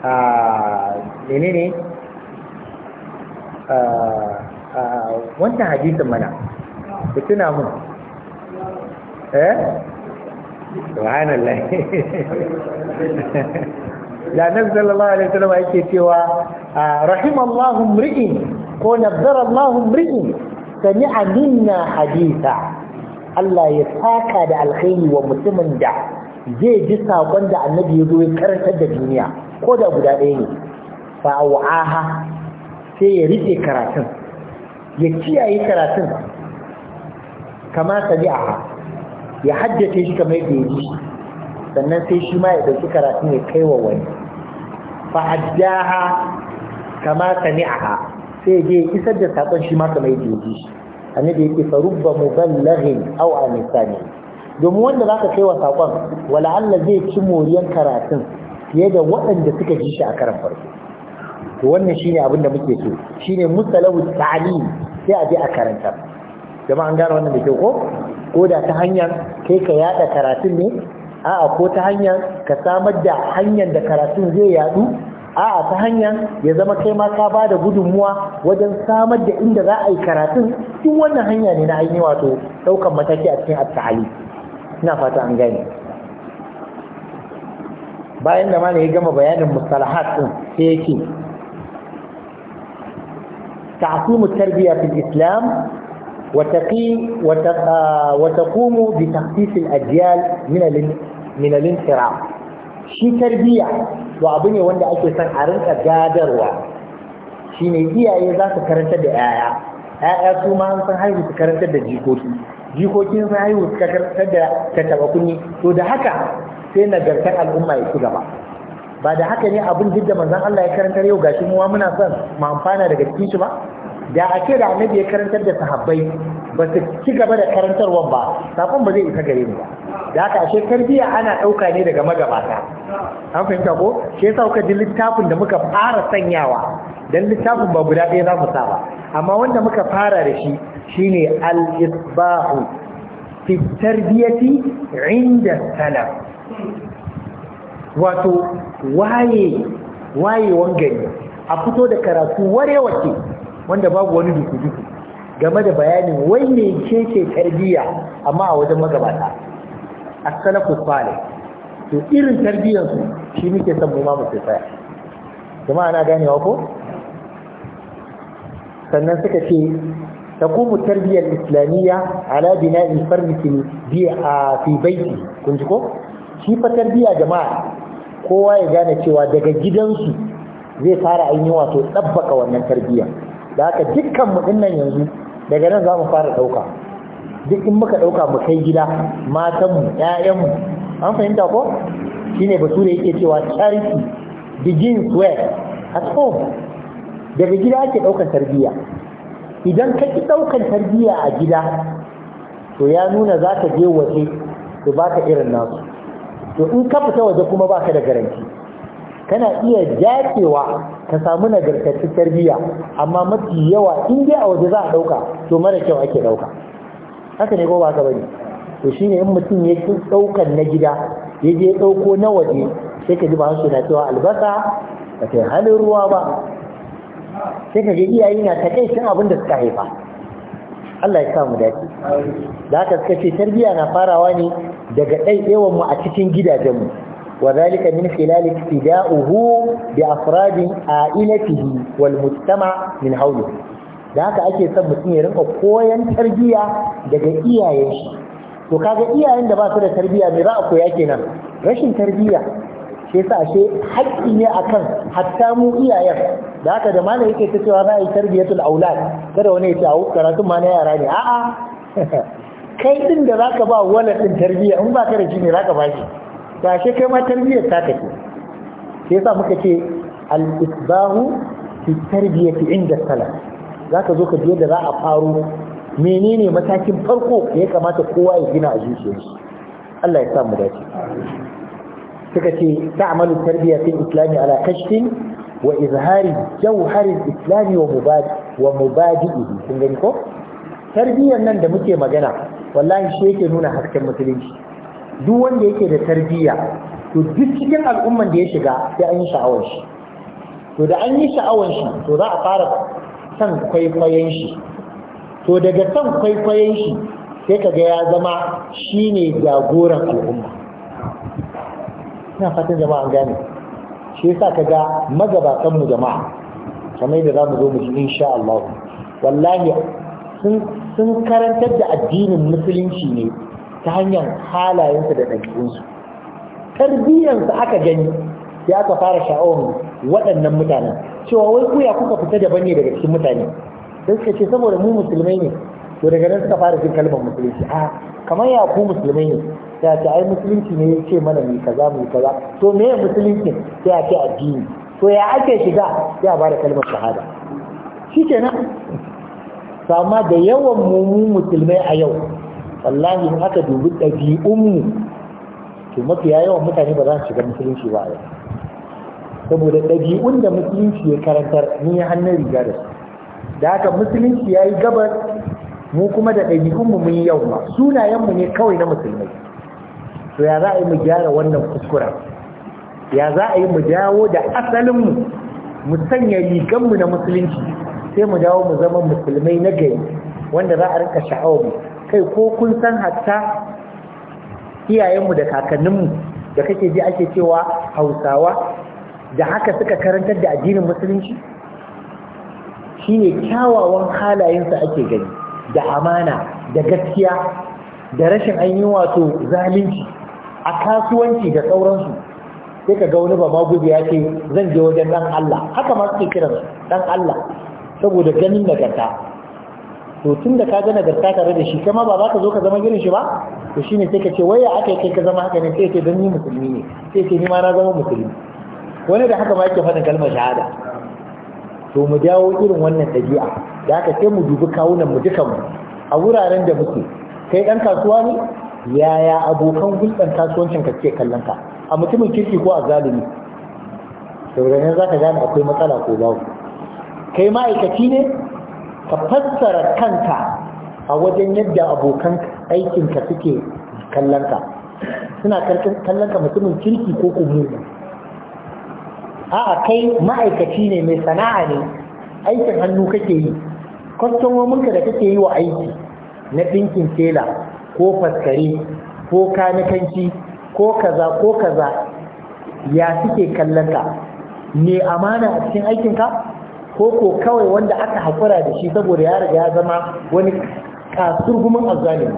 a a menene a a wannan hadisin mana ku tuna mun eh subhanallah da nan sallallahu alaihi wasallam yake cewa rahimallahu mri'in ko nazzara Allahu mri'in sani amina haditha Allah ya taka da alkhairi wa mutumin da zai ji sakon da annabi ya zo ya karantar da duniya ko da guda ɗaya ne wa'aha sai ya rike karatun ya kiyaye karatun kama sami'a ya haddace shi kamar yadda ya ji sannan sai shi ma ya ɗauki karatu ya kai wa wani fa addaha kama sami'aha sai je isar da sakon shi ma kamar yadda ya shi annabi yake fa rubba muballighin aw anisani domin wanda zaka kai wa sakon wala Allah zai ci moriyan karatun fiye da waɗanda suka ji shi a karan farko to wannan shine abin da muke so shine musalahu ta'lim sai a je a karanta jama'an gane wannan da kyau ko ko da ta hanyar kai ka yada karatun ne a'a ko ta hanyar ka samar da hanyar da karatun zai yadu a'a ta hanyar ya zama kai ma ka ba da gudunmuwa wajen samar da inda za a yi karatun duk wannan hanya ne na ainihi wato ɗaukan mataki a cikin atta'ali ina fata an gane bayan da mana ya gama bayanin musalahat din sai yake ta'simu tarbiya fil islam وتقي وت... وتقوم بتخفيف الأجيال shi tarbiyya to abu ne wanda ake son a rinka gadarwa shine iyaye za su karantar da yaya yaya su ma san su karantar jikoki jikokin sun haihu su karantar da tattaba kunni to da haka sai nagartar al'umma ya ci gaba ba da haka ne abin duk da manzon Allah ya karanta yau gashi mu muna son mu amfana daga cikin shi ba da a ce da annabi ya karantar da sahabbai ba su ci gaba da karantarwa ba sakon ba zai isa gare mu da haka ashe tarbiyya ana ɗauka ne daga magabata an fahimta ko shi yasa kuka ji littafin da muka fara sanyawa dan littafin ba guda ɗaya za mu sa amma wanda muka fara da shi shine al-isbahu fi tarbiyati inda salaf wato waye wayewan gari a fito da karatu ce. wanda babu wani duku-duku game da bayanin wai ne ke ke tarbiyya amma a wajen magabata a salafu fale, to irin tarbiyyar su shi muke son mu ma mu tsaya jama'a na ganewa ko sannan suka ce islamiyya ala الإسلامية على bi a fi baiti kun ji ko shi fa يا jama'a, kowa ya gane cewa daga gidansu zai fara ainihin wato tsabbaka wannan tarbiyyar. da haka dukkan mu dinnan yanzu daga nan za mu fara ɗauka duk in muka ɗauka mu kai gida matanmu ‘ya'yanmu an fahimta ko shi ne bature yake cewa charity begins where at home daga gida ake ɗaukan tarbiyya idan ka ki ɗaukan tarbiyya a gida to ya nuna za ka je waje to baka irin nasu to in ka fita waje kuma baka da garanti kana iya jakewa ka samu nagartaccen tarbiyya amma mafi yawa in dai a waje za a ɗauka to mara kyau ake ɗauka haka ne ko ba ka bane to shine in mutum ya ci daukan na gida ya je ɗauko na waje sai ka ji ba su na cewa albasa ba kai halin ruwa ba sai ka ga iyaye na takaicin abin da suka haifa Allah ya samu dace da haka suka ce tarbiyya na farawa ne daga ɗaiɗewan mu a cikin gidajen mu. وذلك من خلال اقتداؤه بأفراد عائلته والمجتمع من حوله da haka ake son mutum ya rinka koyan tarbiyya daga iyayen shi to kaga iyayen da ba su da tarbiyya me za a koya kenan rashin tarbiyya shi yasa ashe haƙƙi ne akan hatta mu iyayen da haka da malai yake ta cewa za a yi tarbiyyatul aulad kada wani ya ce a karatun ma na yara ne a'a kai din da zaka ba wala din tarbiyya in ba ka da shi ne zaka ba shi ta kai ma tarbiyyar ta kace shi yasa muka ce al-isbahu fi tarbiyati inda salat zaka zo ka ji yadda za a faro menene matakin farko da ya kamata kowa ya gina a shi, Allah ya mu dace suka ce ta'malu tarbiyya fil islam ala kashfin wa izhari jawhar al-islam wa mubadi wa mubadihi kun gani ko tarbiyyar nan da muke magana wallahi shi yake nuna hasken musulunci duk wanda yake da tarbiyya to duk cikin al'umman da ya shiga sai an yi sha'awar shi to da an yi sha'awar shi to za a fara san kwaikwayon shi to daga san kwaikwayon shi sai kaga ya zama shine jagoran al'umma ina fatan jama'a an gane shi yasa kaga magabatan mu jama'a kamar da zamu zo mu ji insha Allah wallahi sun karantar da addinin musulunci ne ta hanyar halayensu da ɗabi'unsu tarbiyyansu aka gani ya aka fara sha'awar waɗannan mutanen cewa wai kuya kuka fita daban ne daga cikin mutane sai suka ce saboda mu musulmai ne to daga nan suka fara jin kalmar musulunci a ah, kamar ya ku musulmai ne Ya ce ai musulunci ne ya ce mana mu kaza mu kaza to me musulunci sai a ce addini to ya ake shiga sai a da kalmar shahada shikenan to amma da yawan mu musulmai a yau wallahi in aka dubi ɗabi'unmu to mafiya yawan mutane ba za su shiga musulunci ba yau saboda ɗabi'un da musulunci ya karantar ni ya hannun riga da su da haka musulunci ya yi gabar mu kuma da ɗabi'unmu mun yi yau ma sunayenmu ne kawai na musulmai to ya za a yi mu gyara wannan kuskuren ya za a yi mu dawo da asalinmu mu sanya riganmu na musulunci sai mu dawo mu zama musulmai na gari wanda za a rinka mu kai ko kun san hatta iyayenmu da kakanninmu da kake ji ake cewa hausawa da haka suka karantar da addinin musulunci shi ne kyawawan halayensa ake gani da amana da gaskiya da rashin yi wato zalunci a kasuwanci da sauransu sai ka ga wani ba magudu ya ce zan je wajen ɗan Allah haka ma suke kiran dan Allah saboda ganin nagarta to tun da ka gana nagarta tare da shi kama ba za ka zo ka zama irin shi ba to shine sai ka ce waya aka kai ka zama haka ne sai ce don ni musulmi ne sai ce ni ma na zama musulmi wani da haka ma yake faɗin kalmar shahada to mu dawo irin wannan ɗabi'a da aka sai mu dubi kawunan mu duka mu. a wuraren da muke kai ɗan kasuwa ne yaya abokan hulɗar kasuwancin ka ke kallon ka a mutumin kirki ko a zalimi saboda za ka gane akwai matsala ko babu kai ma'aikaci ne ka fassara kanka a wajen yadda abokan aikinka suke kallonka suna kallonka mutumin kirki ko kumugu a'a kai ma'aikaci ne mai sana'a ne aikin hannu kake yi kwastomominka da kake yi wa aiki na ɗinkin tela ko faskare ko kanikanci ko kaza ko kaza ya suke kallonka ne amana a cikin aikinka ko ko kawai wanda aka haƙura da shi saboda ya riga ya zama wani kasurgumin azzalimi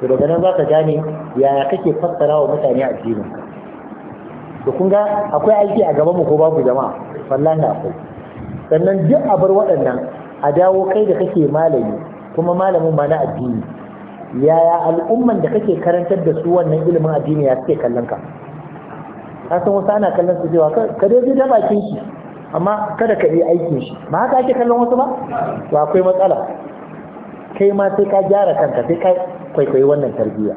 to daga nan za ka gane yaya kake fassara wa mutane addinin to kun ga akwai aiki a gaban mu ko babu jama'a wallahi akwai sannan duk a bar waɗannan a dawo kai da kake malami kuma malamin ma na addini yaya al'umman da kake karantar da su wannan ilimin addini ya suke kallon ka kasan wasu ana kallon su cewa ka dai da bakin shi amma kada ka yi aikin shi ba haka ake kallon wasu ba to akwai matsala kai ma sai ka gyara kanka sai ka kwaikwayi wannan tarbiyya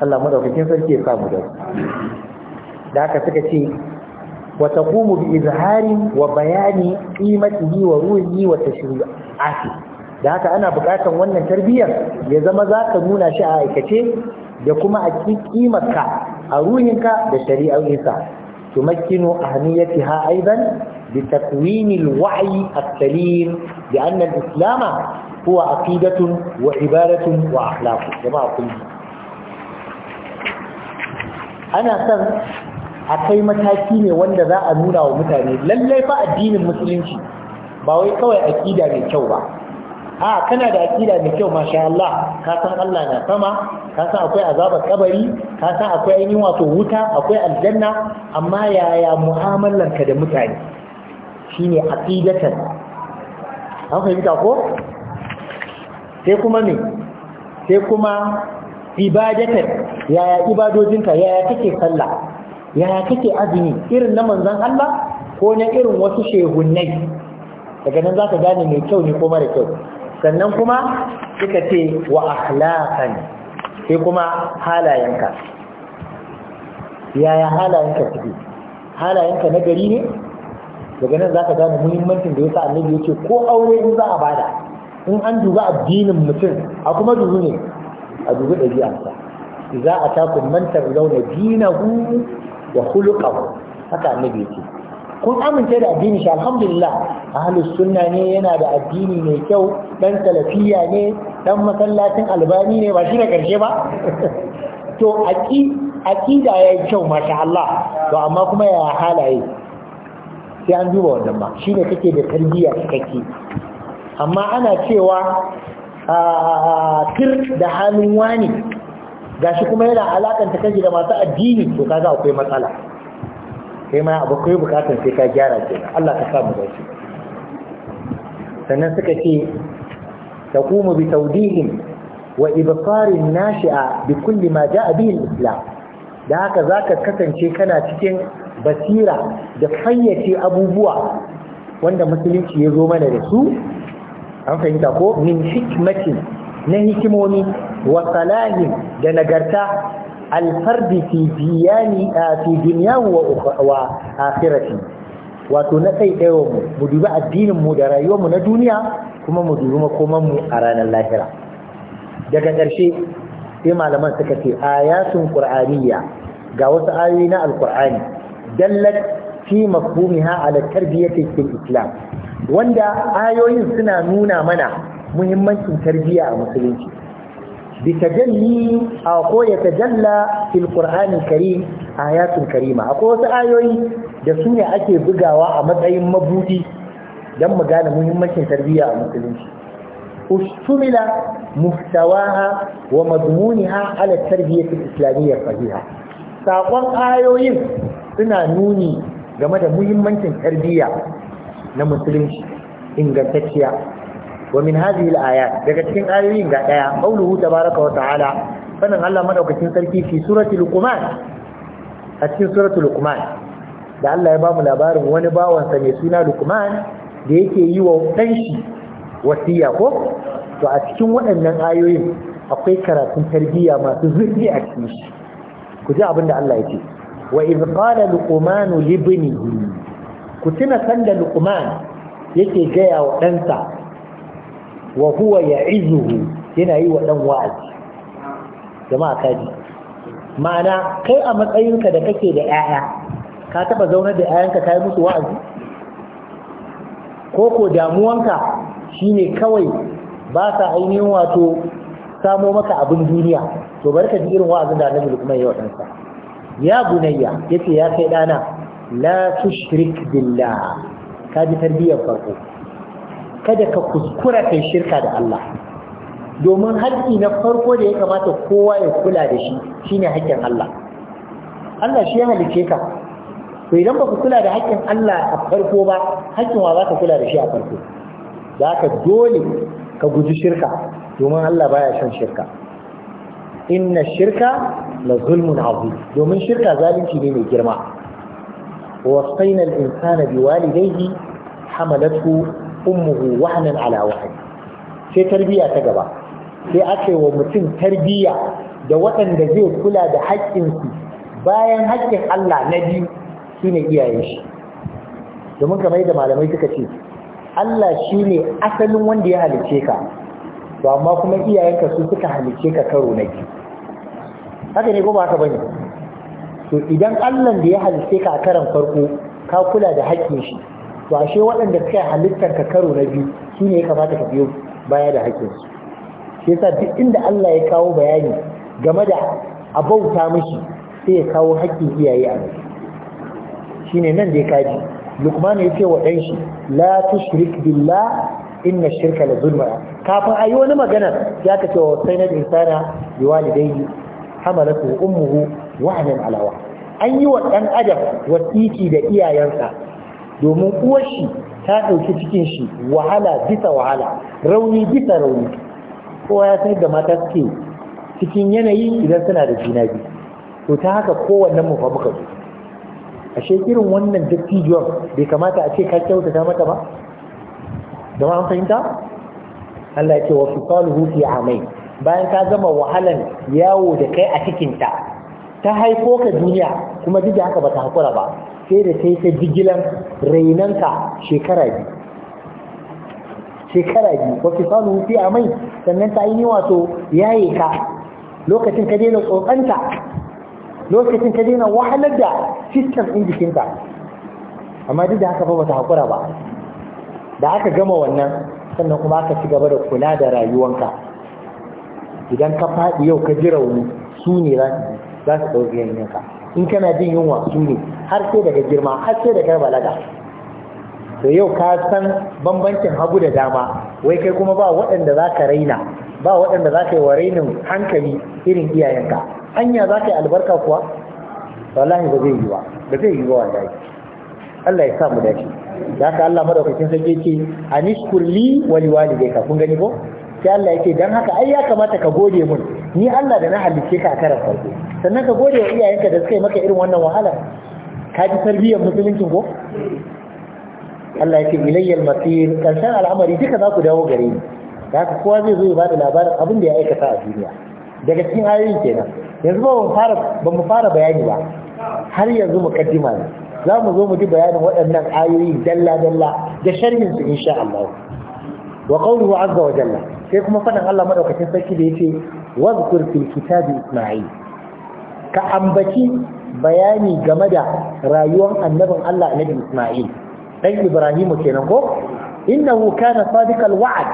Allah madaukakin sarki ya samu da da haka suka ce wa taqumu bi izhari wa bayani qimatihi wa ruhi wa tashri'ati da haka ana bukatan wannan tarbiyyar ya zama za ka nuna shi a aikace da kuma a kimarka a ruhinka da shari'ar isa تمكن أهميتها أيضا بتكوين الوعي السليم بأن الإسلام هو عقيدة وعبادة وأخلاق جماعة كلها أنا سن akai mataki ne wanda za a nuna wa mutane lallai fa addinin musulunci ba wai kawai aƙida mai kyau ba a kana da aƙida mai kyau masha Allah ka san Allah na sama ka san akwai azabar kabari ka san akwai ainihin wato wuta akwai aljanna amma yaya ka da mutane shine aqidatan an fahimta ko sai kuma me sai kuma ibadatan yaya ibadojinka yaya kake sallah yaya kake azumi irin na manzon Allah ko na irin wasu shehunnai daga nan za ka gane mai kyau ne ko mara kyau sannan kuma suka ce wa akhlaqan sai kuma halayenka yaya halayenka suke halayenka na gari ne daga nan zaka gane muhimmancin da yasa annabi yake ko aure in za a bada in an duba addinin mutum a kuma dubu ne a dubi ɗabi'arsa za a kun mantar launa dinahu wa khuluqahu haka annabi yake kun amince da addini shi alhamdulillah ahlus sunna ne yana da addini mai kyau dan talafiya ne dan masallacin albani ne ba shi da karshe ba to aqida ya kyau masha Allah to amma kuma ya halaye sai an duba wannan ba shine kake da tarbiyya kake amma ana cewa kir da halin wani gashi kuma yana alakanta kanki da masu addini to kaga akwai matsala Sai ma akwai bukatar sai ka gyara kenan Allah ka sa mu dace sannan suka ce taqumu bi tawdihim wa ibsarin nashi'a bi kulli ma ja'a bihi al-islam da haka zaka kasance kana cikin basira da fayyace abubuwa wanda musulunci ya zo mana da su an fahimta ko min hikmatin na hikimomi wa salahin da nagarta alfardi fi biyani fi dunyahu wa wa wato na kai ɗaya mu mu dubi addinin mu da rayuwar na duniya kuma mu dubi makoman mu a ranar lahira daga ƙarshe sai malaman suka ce ayatun qur'aniyya ga wasu ayoyi na alqur'ani dallat fi mafhumiha ala tarbiyati fil islam wanda ayoyin suna nuna mana muhimmancin tarbiyya a musulunci bitajalli a ko ya tajalla fil qur'anil karim ayatul karima akwai wasu ayoyi da su ne ake bugawa a matsayin mabudi don mu gane muhimmancin tarbiyya a musulunci ustumila muhtawaha wa madmuniha ala tarbiyyatul islamiyyah sahiha sakon ayoyin suna nuni game da muhimmancin tarbiyya na musulunci ingantacciya wa min hadhihi daga cikin ayoyin ga daya qauluhu tabaaraka wa ta'ala sanan Allah madaukakin sarki fi surati luqman a cikin surati luqman da Allah ya ba mu labarin wani bawansa sa mai suna luqman da yake yi wa danshi wasiya ko to a cikin waɗannan ayoyin akwai karatun tarbiyya masu zurfi a cikin shi ku ji abin da Allah ya ce wa iz qala luqman li ibnihi ku tuna sanda luqman yake gaya wa ɗansa wa huwa ya'izuhu yana yi wa dan wa'azi jama'a kaji ma'ana kai a matsayinka da kake da 'ya'ya ka taba zaunar da 'ya'yanka kai musu wa'azi ko ko damuwanka shine kawai ba sa ainihin wato samo maka abin duniya to barka ji irin wa'azin da Annabi Luqman ya sa ya bunayya yace ya kai dana la tushrik billah kaji tarbiyyar farko kada ka kuskura kai shirka da Allah domin haƙƙi na farko da ya kamata kowa ya kula da shi shine haƙƙin Allah Allah shi ya halice ka to idan baka kula da haƙƙin Allah a farko ba haƙƙin wa za ka kula da shi a farko da ka dole ka guji shirka domin Allah baya son shirka inna shirka la zulmun azim domin shirka zalunci ne mai girma wasaina al-insana biwalidayhi hamalatu ummuhu wahnan ala wahani sai tarbiya ta gaba sai ake wa mutum tarbiya da waɗanda zai kula da haƙƙinsu bayan haƙƙin Allah na biyu shine ne shi domin kamar yadda malamai suka ce Allah shine asalin wanda ya halice ka to amma kuma iyayenka su suka halice ka karo na haka ne ko ba haka bane to idan Allah da ya halice ka a karan farko ka kula da haƙƙin shi to ashe waɗanda suka yi halittar ka karo na biyu su ne ya kamata ka biyo baya da haƙƙinsu shi yasa duk inda Allah ya kawo bayani game da a bauta mishi sai ya kawo hakkin iyaye a nan ne nan da ya kaji Lukman ya ce wa ɗan shi la tushrik billah inna shirka la zulma kafin ayi wani magana ya ka ce wa sayyidul insana biwalidayhi hamalatu ummuhu wahnan alawa an yi wa ɗan adam wasiki da iyayensa domin uwar shi ta ɗauki cikin shi wahala bisa wahala rauni bisa rauni kowa ya san da mata suke cikin yanayi idan suna da juna biyu to ta haka kowannen mu fa muka zo ashe irin wannan dattijuwar bai kamata a ce ka ta mata ba ma an fahimta Allah ya ce wa fisaluhu fi amai bayan ka gama wahalan yawo da kai a cikinta ta haifo ka duniya kuma duk da haka bata hakura ba sai da ta yi ta jigilan rainanka shekara biyu shekara biyu wafi sanu fi a mai sannan ta yi wato yaye ka lokacin ka daina tsotsanta lokacin ka daina wahalar da sistem ɗin jikinta amma duk da haka ba bata haƙura ba da aka gama wannan sannan kuma aka ci gaba da kula da rayuwanka idan ka faɗi yau ka ji rauni su ne za su ɗauki yanyanka in kana jin yunwa su ne har sai daga girma har sai daga balaga to yau ka san bambancin hagu da dama wai kai kuma ba waɗanda za ka raina ba waɗanda za ka yi wa rainin hankali irin iyayenka hanya za ka yi albarka kuwa wallahi ba zai yi ba ba zai yi ba yake. Allah ya sa mu dace da haka Allah madaukakin sarki ce anishkur li wali walidayka kun gani ko sai Allah yake dan haka ai ya kamata ka gode mun ni Allah da na halicce ka a karan farko sannan ka gode wa iyayenka da suka yi maka irin wannan wahala ka ji tarbiyyar musuluncin ko Allah yake ilayyal masir karshen al'amari duka za ku dawo gare ni da haka kowa zai zo ya bada labarin abin da ya aikata a duniya daga cikin ayoyin kenan yanzu ba mu fara ba mu fara bayani ba har yanzu mukaddima ne za mu zo mu ji bayanin waɗannan ayoyi dalla dalla da sharhin su insha Allah wa qawluhu azza sai kuma faɗin Allah madaukakin sarki da yace wazkur fil kitabi isma'il ka ambaci bayani game da rayuwar annabin Allah annabi Isma'il dan Ibrahim kenan ko innahu kana sadiqal wa'd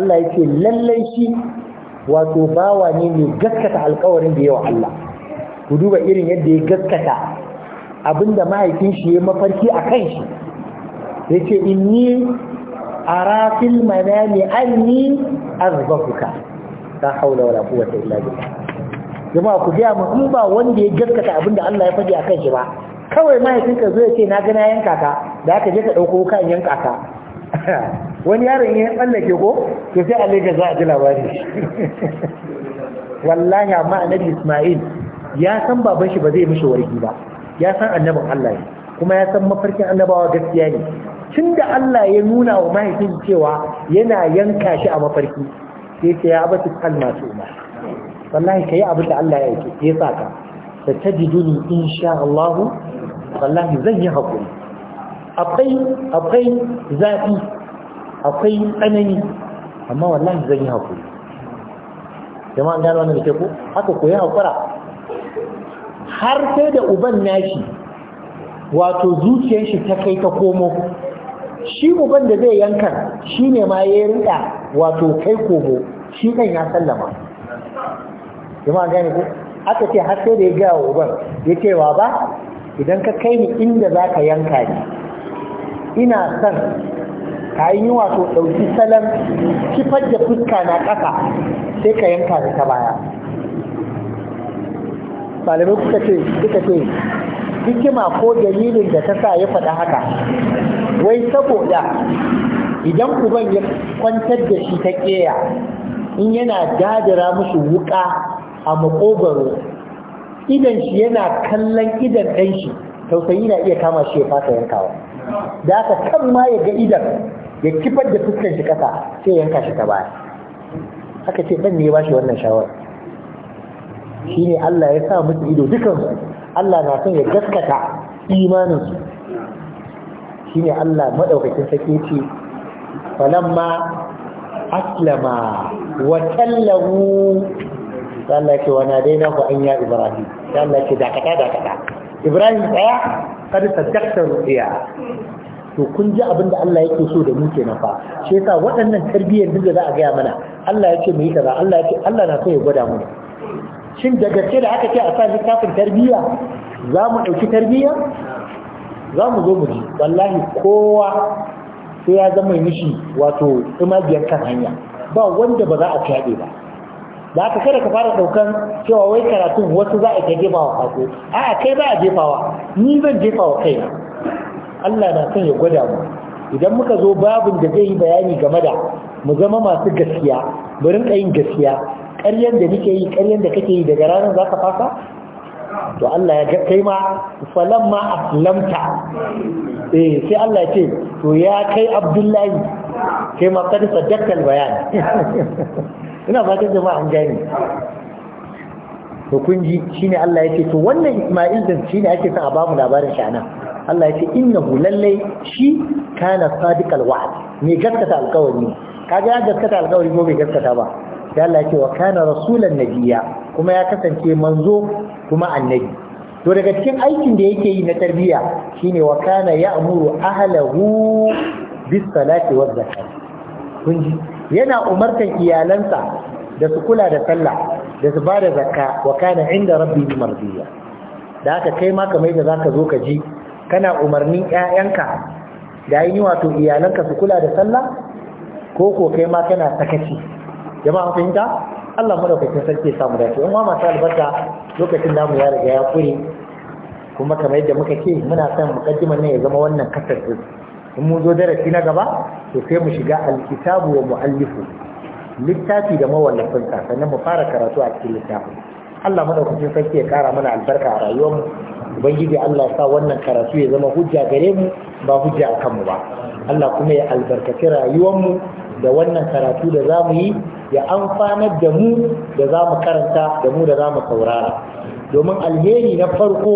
Allah yake lallai shi wato bawa ne mai gaskata alkawarin da yawa Allah ku duba irin yadda ya gaskata abinda mahaifin shi ya mafarki a kan shi yace inni ara fil manami anni azbahuka la haula wala quwwata illa billah jama'a ku ga mu in ba wanda ya gaskata abinda Allah ya fadi akan shi ba kawai mahaifinka zo ya ce na gana yanka ka da aka je ka ɗauko kan yanka ka wani yaron ya tsallake ko to sai a lagos za a ji labari wallahi amma annabi ismail ya san baban shi ba zai mishi wargi ba ya san annabin allah ne kuma ya san mafarkin annabawa gaskiya ne tunda Allah ya nuna wa mahaifin cewa yana yanka shi a mafarki sai ce ya abata kan masu umar wallahi kai abin da Allah ya yi ya saka ta tajiduni insha Allah wallahi zan yi hakuri akwai akwai zafi akwai tsanani amma wallahi zan yi hakuri jama'a an gano wannan da ke ko haka koyi hakura har sai da uban nashi wato zuciyar shi ta kai ta komo shi uban da zai yankan shi ne ma ya rinka wato kai kogo shi kan ya sallama jama'a gane ku? aka ce har sai da ya gaya wa uban ya ce wa ba idan ka kai ni inda za ka yanka ni ina son ka yi wato ɗauki salon kifar da fuska na ƙasa sai ka yanka da ta baya malamai kuka ce hikima ko dalilin da ta sa ya faɗa haka wai saboda idan uban ya kwantar da shi ta ƙeya in yana dadira musu wuƙa a makogaro idan shi yana kallon idan ɗan shi tausayi na iya kama shi ya fasa yankawa da aka kan ma ya ga idan ya kifar da fuskan shi ƙasa sai yanka shi ta baya haka ce ɗan ne ya ba shi wannan shawar? shi ne Allah ya sa musu ido dukansu Allah na son ya gaskata imaninsu shi ne Allah maɗaukakin sake ce falamma aslama wa tallahu Allah ce wa na ku an ya Ibrahim Allah ce dakata dakata Ibrahim tsaya kar saddaqta ruya to kun ji abinda Allah yake so da mu kenan fa shi yasa waɗannan tarbiyyar da za a gaya mana Allah yake mu yi kaza Allah yake Allah na so ya gwada mu shin da gaske da aka ce a sa littafin tarbiyya za mu ɗauki tarbiyya za mu zo mu ji wallahi kowa sai ya zama mishi wato imajiyar kan hanya ba wanda ba za a fyaɗe ba da aka kada ka fara ɗaukan cewa wai karatun wasu za a ta jefawa hako a kai ba a jefawa ni zan jefawa kaina Allah na son ya gwada mu idan muka zo babin da zai yi bayani game da mu zama masu gaskiya mu rinka yin gaskiya Ƙaryar da nake yi ƙaryar da kake yi daga ranar za ka fasa to Allah ya ga kai ma falan ma aslamta eh sai Allah ya ce to ya kai Abdullahi kai ma kad saddaqal bayan ina fatan jama'a an gani to kun ji shine Allah ya ce to wannan Isma'il din shine ake son a bamu labarin shi anan Allah ya ce innahu lallai shi kana sadiqal wa'd ne gaskata alƙawari kaga ya gaskata alƙawari ko bai gaskata ba sai Allah ce wa kana rasulan nabiyya kuma ya kasance manzo kuma annabi to daga cikin aikin da yake yi na tarbiyya shine wa kana ya'muru ahlahu bis salati waz zakat kun yana umartan iyalansa da su kula da sallah da su bada zakka wa kana inda rabbi mardiya da haka kai ma kamar da zaka zo ka ji kana umarnin ƴaƴanka da yi wato iyalanka su kula da sallah ko ko kai ma kana sakaci jama'a fahimta Allah madaukakin sarki samu dace in mama masu albarka lokacin mu ya riga ya kuri kuma kamar yadda muka ce muna son mukaddiman ne ya zama wannan kasar din in mun zo darasi na gaba to sai mu shiga alkitabu wa muallifu littafi da mawallafin ka sannan mu fara karatu a cikin littafin Allah madaukakin sarki ya kara mana albarka a rayuwar mu ubangiji Allah ya sa wannan karatu ya zama hujja gare mu ba hujja a kanmu ba Allah kuma ya albarkaci rayuwar mu da wannan karatu da zamu yi ya amfanar da mu da za mu karanta da mu da za mu saurara domin alheri na farko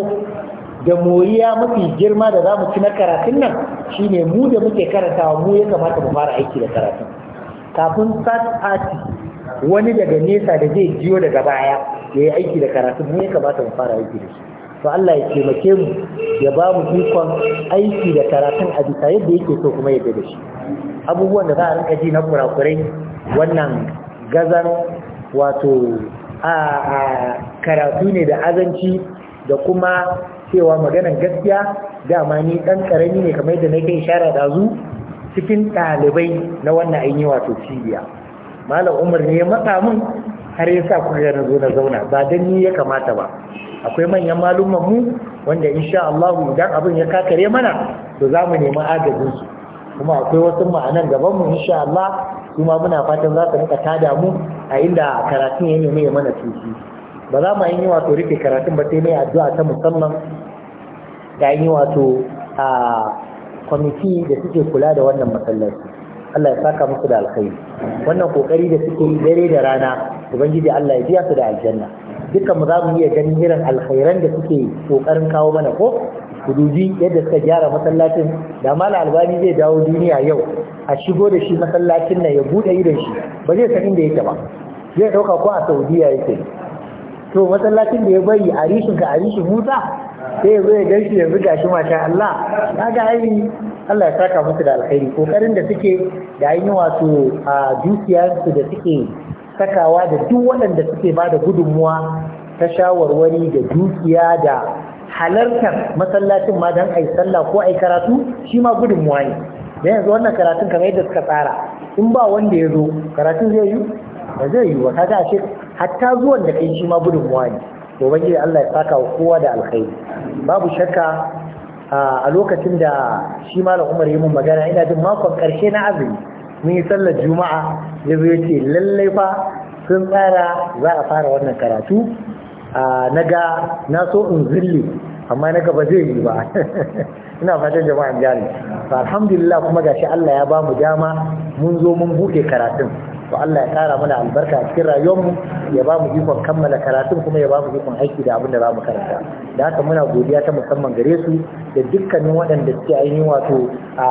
da moriya mafi girma da za mu ci na karatun nan shine mu da muke karantawa mu ya kamata mu fara aiki da karatun kafin sat Ati wani daga nesa da zai jiyo daga baya ya yi aiki da karatun mu ya kamata mu fara aiki da shi to Allah ya taimake mu ya ba mu ikon aiki da karatun a bisa yadda yake so kuma yadda da shi abubuwan da za a rinka ji na kurakurai wannan gazan wato a karatu ne da azanci da kuma cewa maganan gaskiya dama ni dan karami ne kamar yadda na kai da zu cikin ɗalibai na wannan ainihi wato cibiya malam umar ne ya matsa min har ya sa kuka na zo na zauna ba dan ni ya kamata ba akwai manyan malumman mu wanda insha Allah idan abin ya kakare mana to zamu nemi agajin su kuma akwai wasu ma'anan gaban mu insha Allah su muna fatan za su rika ta damu a inda karatun ya nemi ya mana tuki ba za mu yi wato rike karatun ba sai mai addu'a ta musamman da yi wato a kwamiti da suke kula da wannan masallaci Allah ya saka musu da alkhairi wannan kokari da suke yi dare da rana ubangiji Allah ya biya su da aljanna dukkan mu za mu iya ganin irin alkhairan da suke kokarin kawo mana ko ku dubi yadda suka gyara masallacin da mala albani zai dawo duniya yau a shigo da shi masallacin nan ya bude idan shi ba zai san inda yake ba zai dauka ko a saudiya yake to masallacin da ya bari a rishin ka a rishin huta sai ya zo ya yanzu ga shi masha Allah ga ai Allah ya saka musu da alkhairi kokarin da suke da yi wato a dukiyarsu da suke sakawa da duk waɗanda suke ba da gudunmuwa ta shawarwari da dukiya da halartar masallacin ma don a sallah ko a karatu shi ma gudun ne da yanzu wannan karatun kamar yadda suka tsara in ba wanda ya zo karatun zai yi ba zai yi wa kaga ashe hatta zuwan da kai shi ma gudun ne to ubangiji Allah ya saka wa kowa da alkhairi babu shakka a lokacin da shi malam Umar ya mun magana ina jin makon karshe na azumi mun yi sallar juma'a ya zo ya ce lallai fa sun tsara za a fara wannan karatu na ga na so in zille amma na ga ba zai yi ba ina fatan jama'an jari alhamdulillah kuma gashi Allah ya bamu dama mun zo mun buɗe karatun to Allah ya kara mana albarka a cikin rayuwarmu ya bamu ikon kammala karatun kuma ya bamu ikon aiki da abin da bamu mu karanta da haka muna godiya ta musamman gare su da dukkanin waɗanda suke ainihin wato a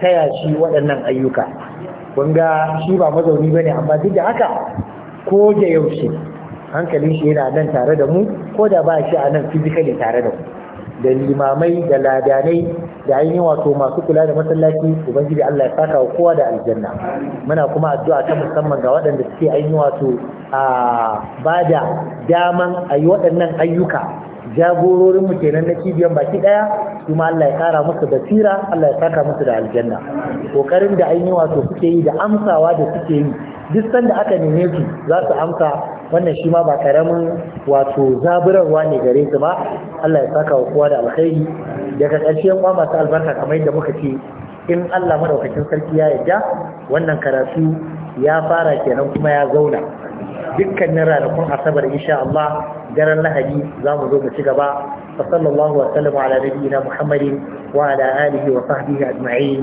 taya shi waɗannan ayyuka kun ga shi ba mazauni ba ne amma duk da haka ko da yaushe hankalin shi yana nan tare da mu ko da ba shi a nan fizikali tare da mu da limamai da ladanai da ainihin wato masu kula da masallaci ubangiji Allah ya saka wa kowa da aljanna muna kuma addu'a ta musamman ga waɗanda suke ainihin wato a bada daman a yi waɗannan ayyuka jagororin mu kenan na cibiyar baki ɗaya kuma Allah ya kara musu basira Allah ya saka musu da aljanna kokarin da ainihin wato suke yi da amsawa da suke yi duk sanda aka neme su za su amsa wannan shi ma ba karamin wato zaburarwa ne gare su ba Allah ya saka wa kowa da alkhairi daga ƙarshen kwa masu albarka kamar yadda muka ce in Allah madaukakin sarki ya yarda wannan karatu ya fara kenan kuma ya zauna dukkanin ranakun asabar insha Allah daren lahadi za mu zo mu ci gaba sallallahu wa sallam ala nabiyyina muhammadin wa ala alihi wa sahbihi ajma'in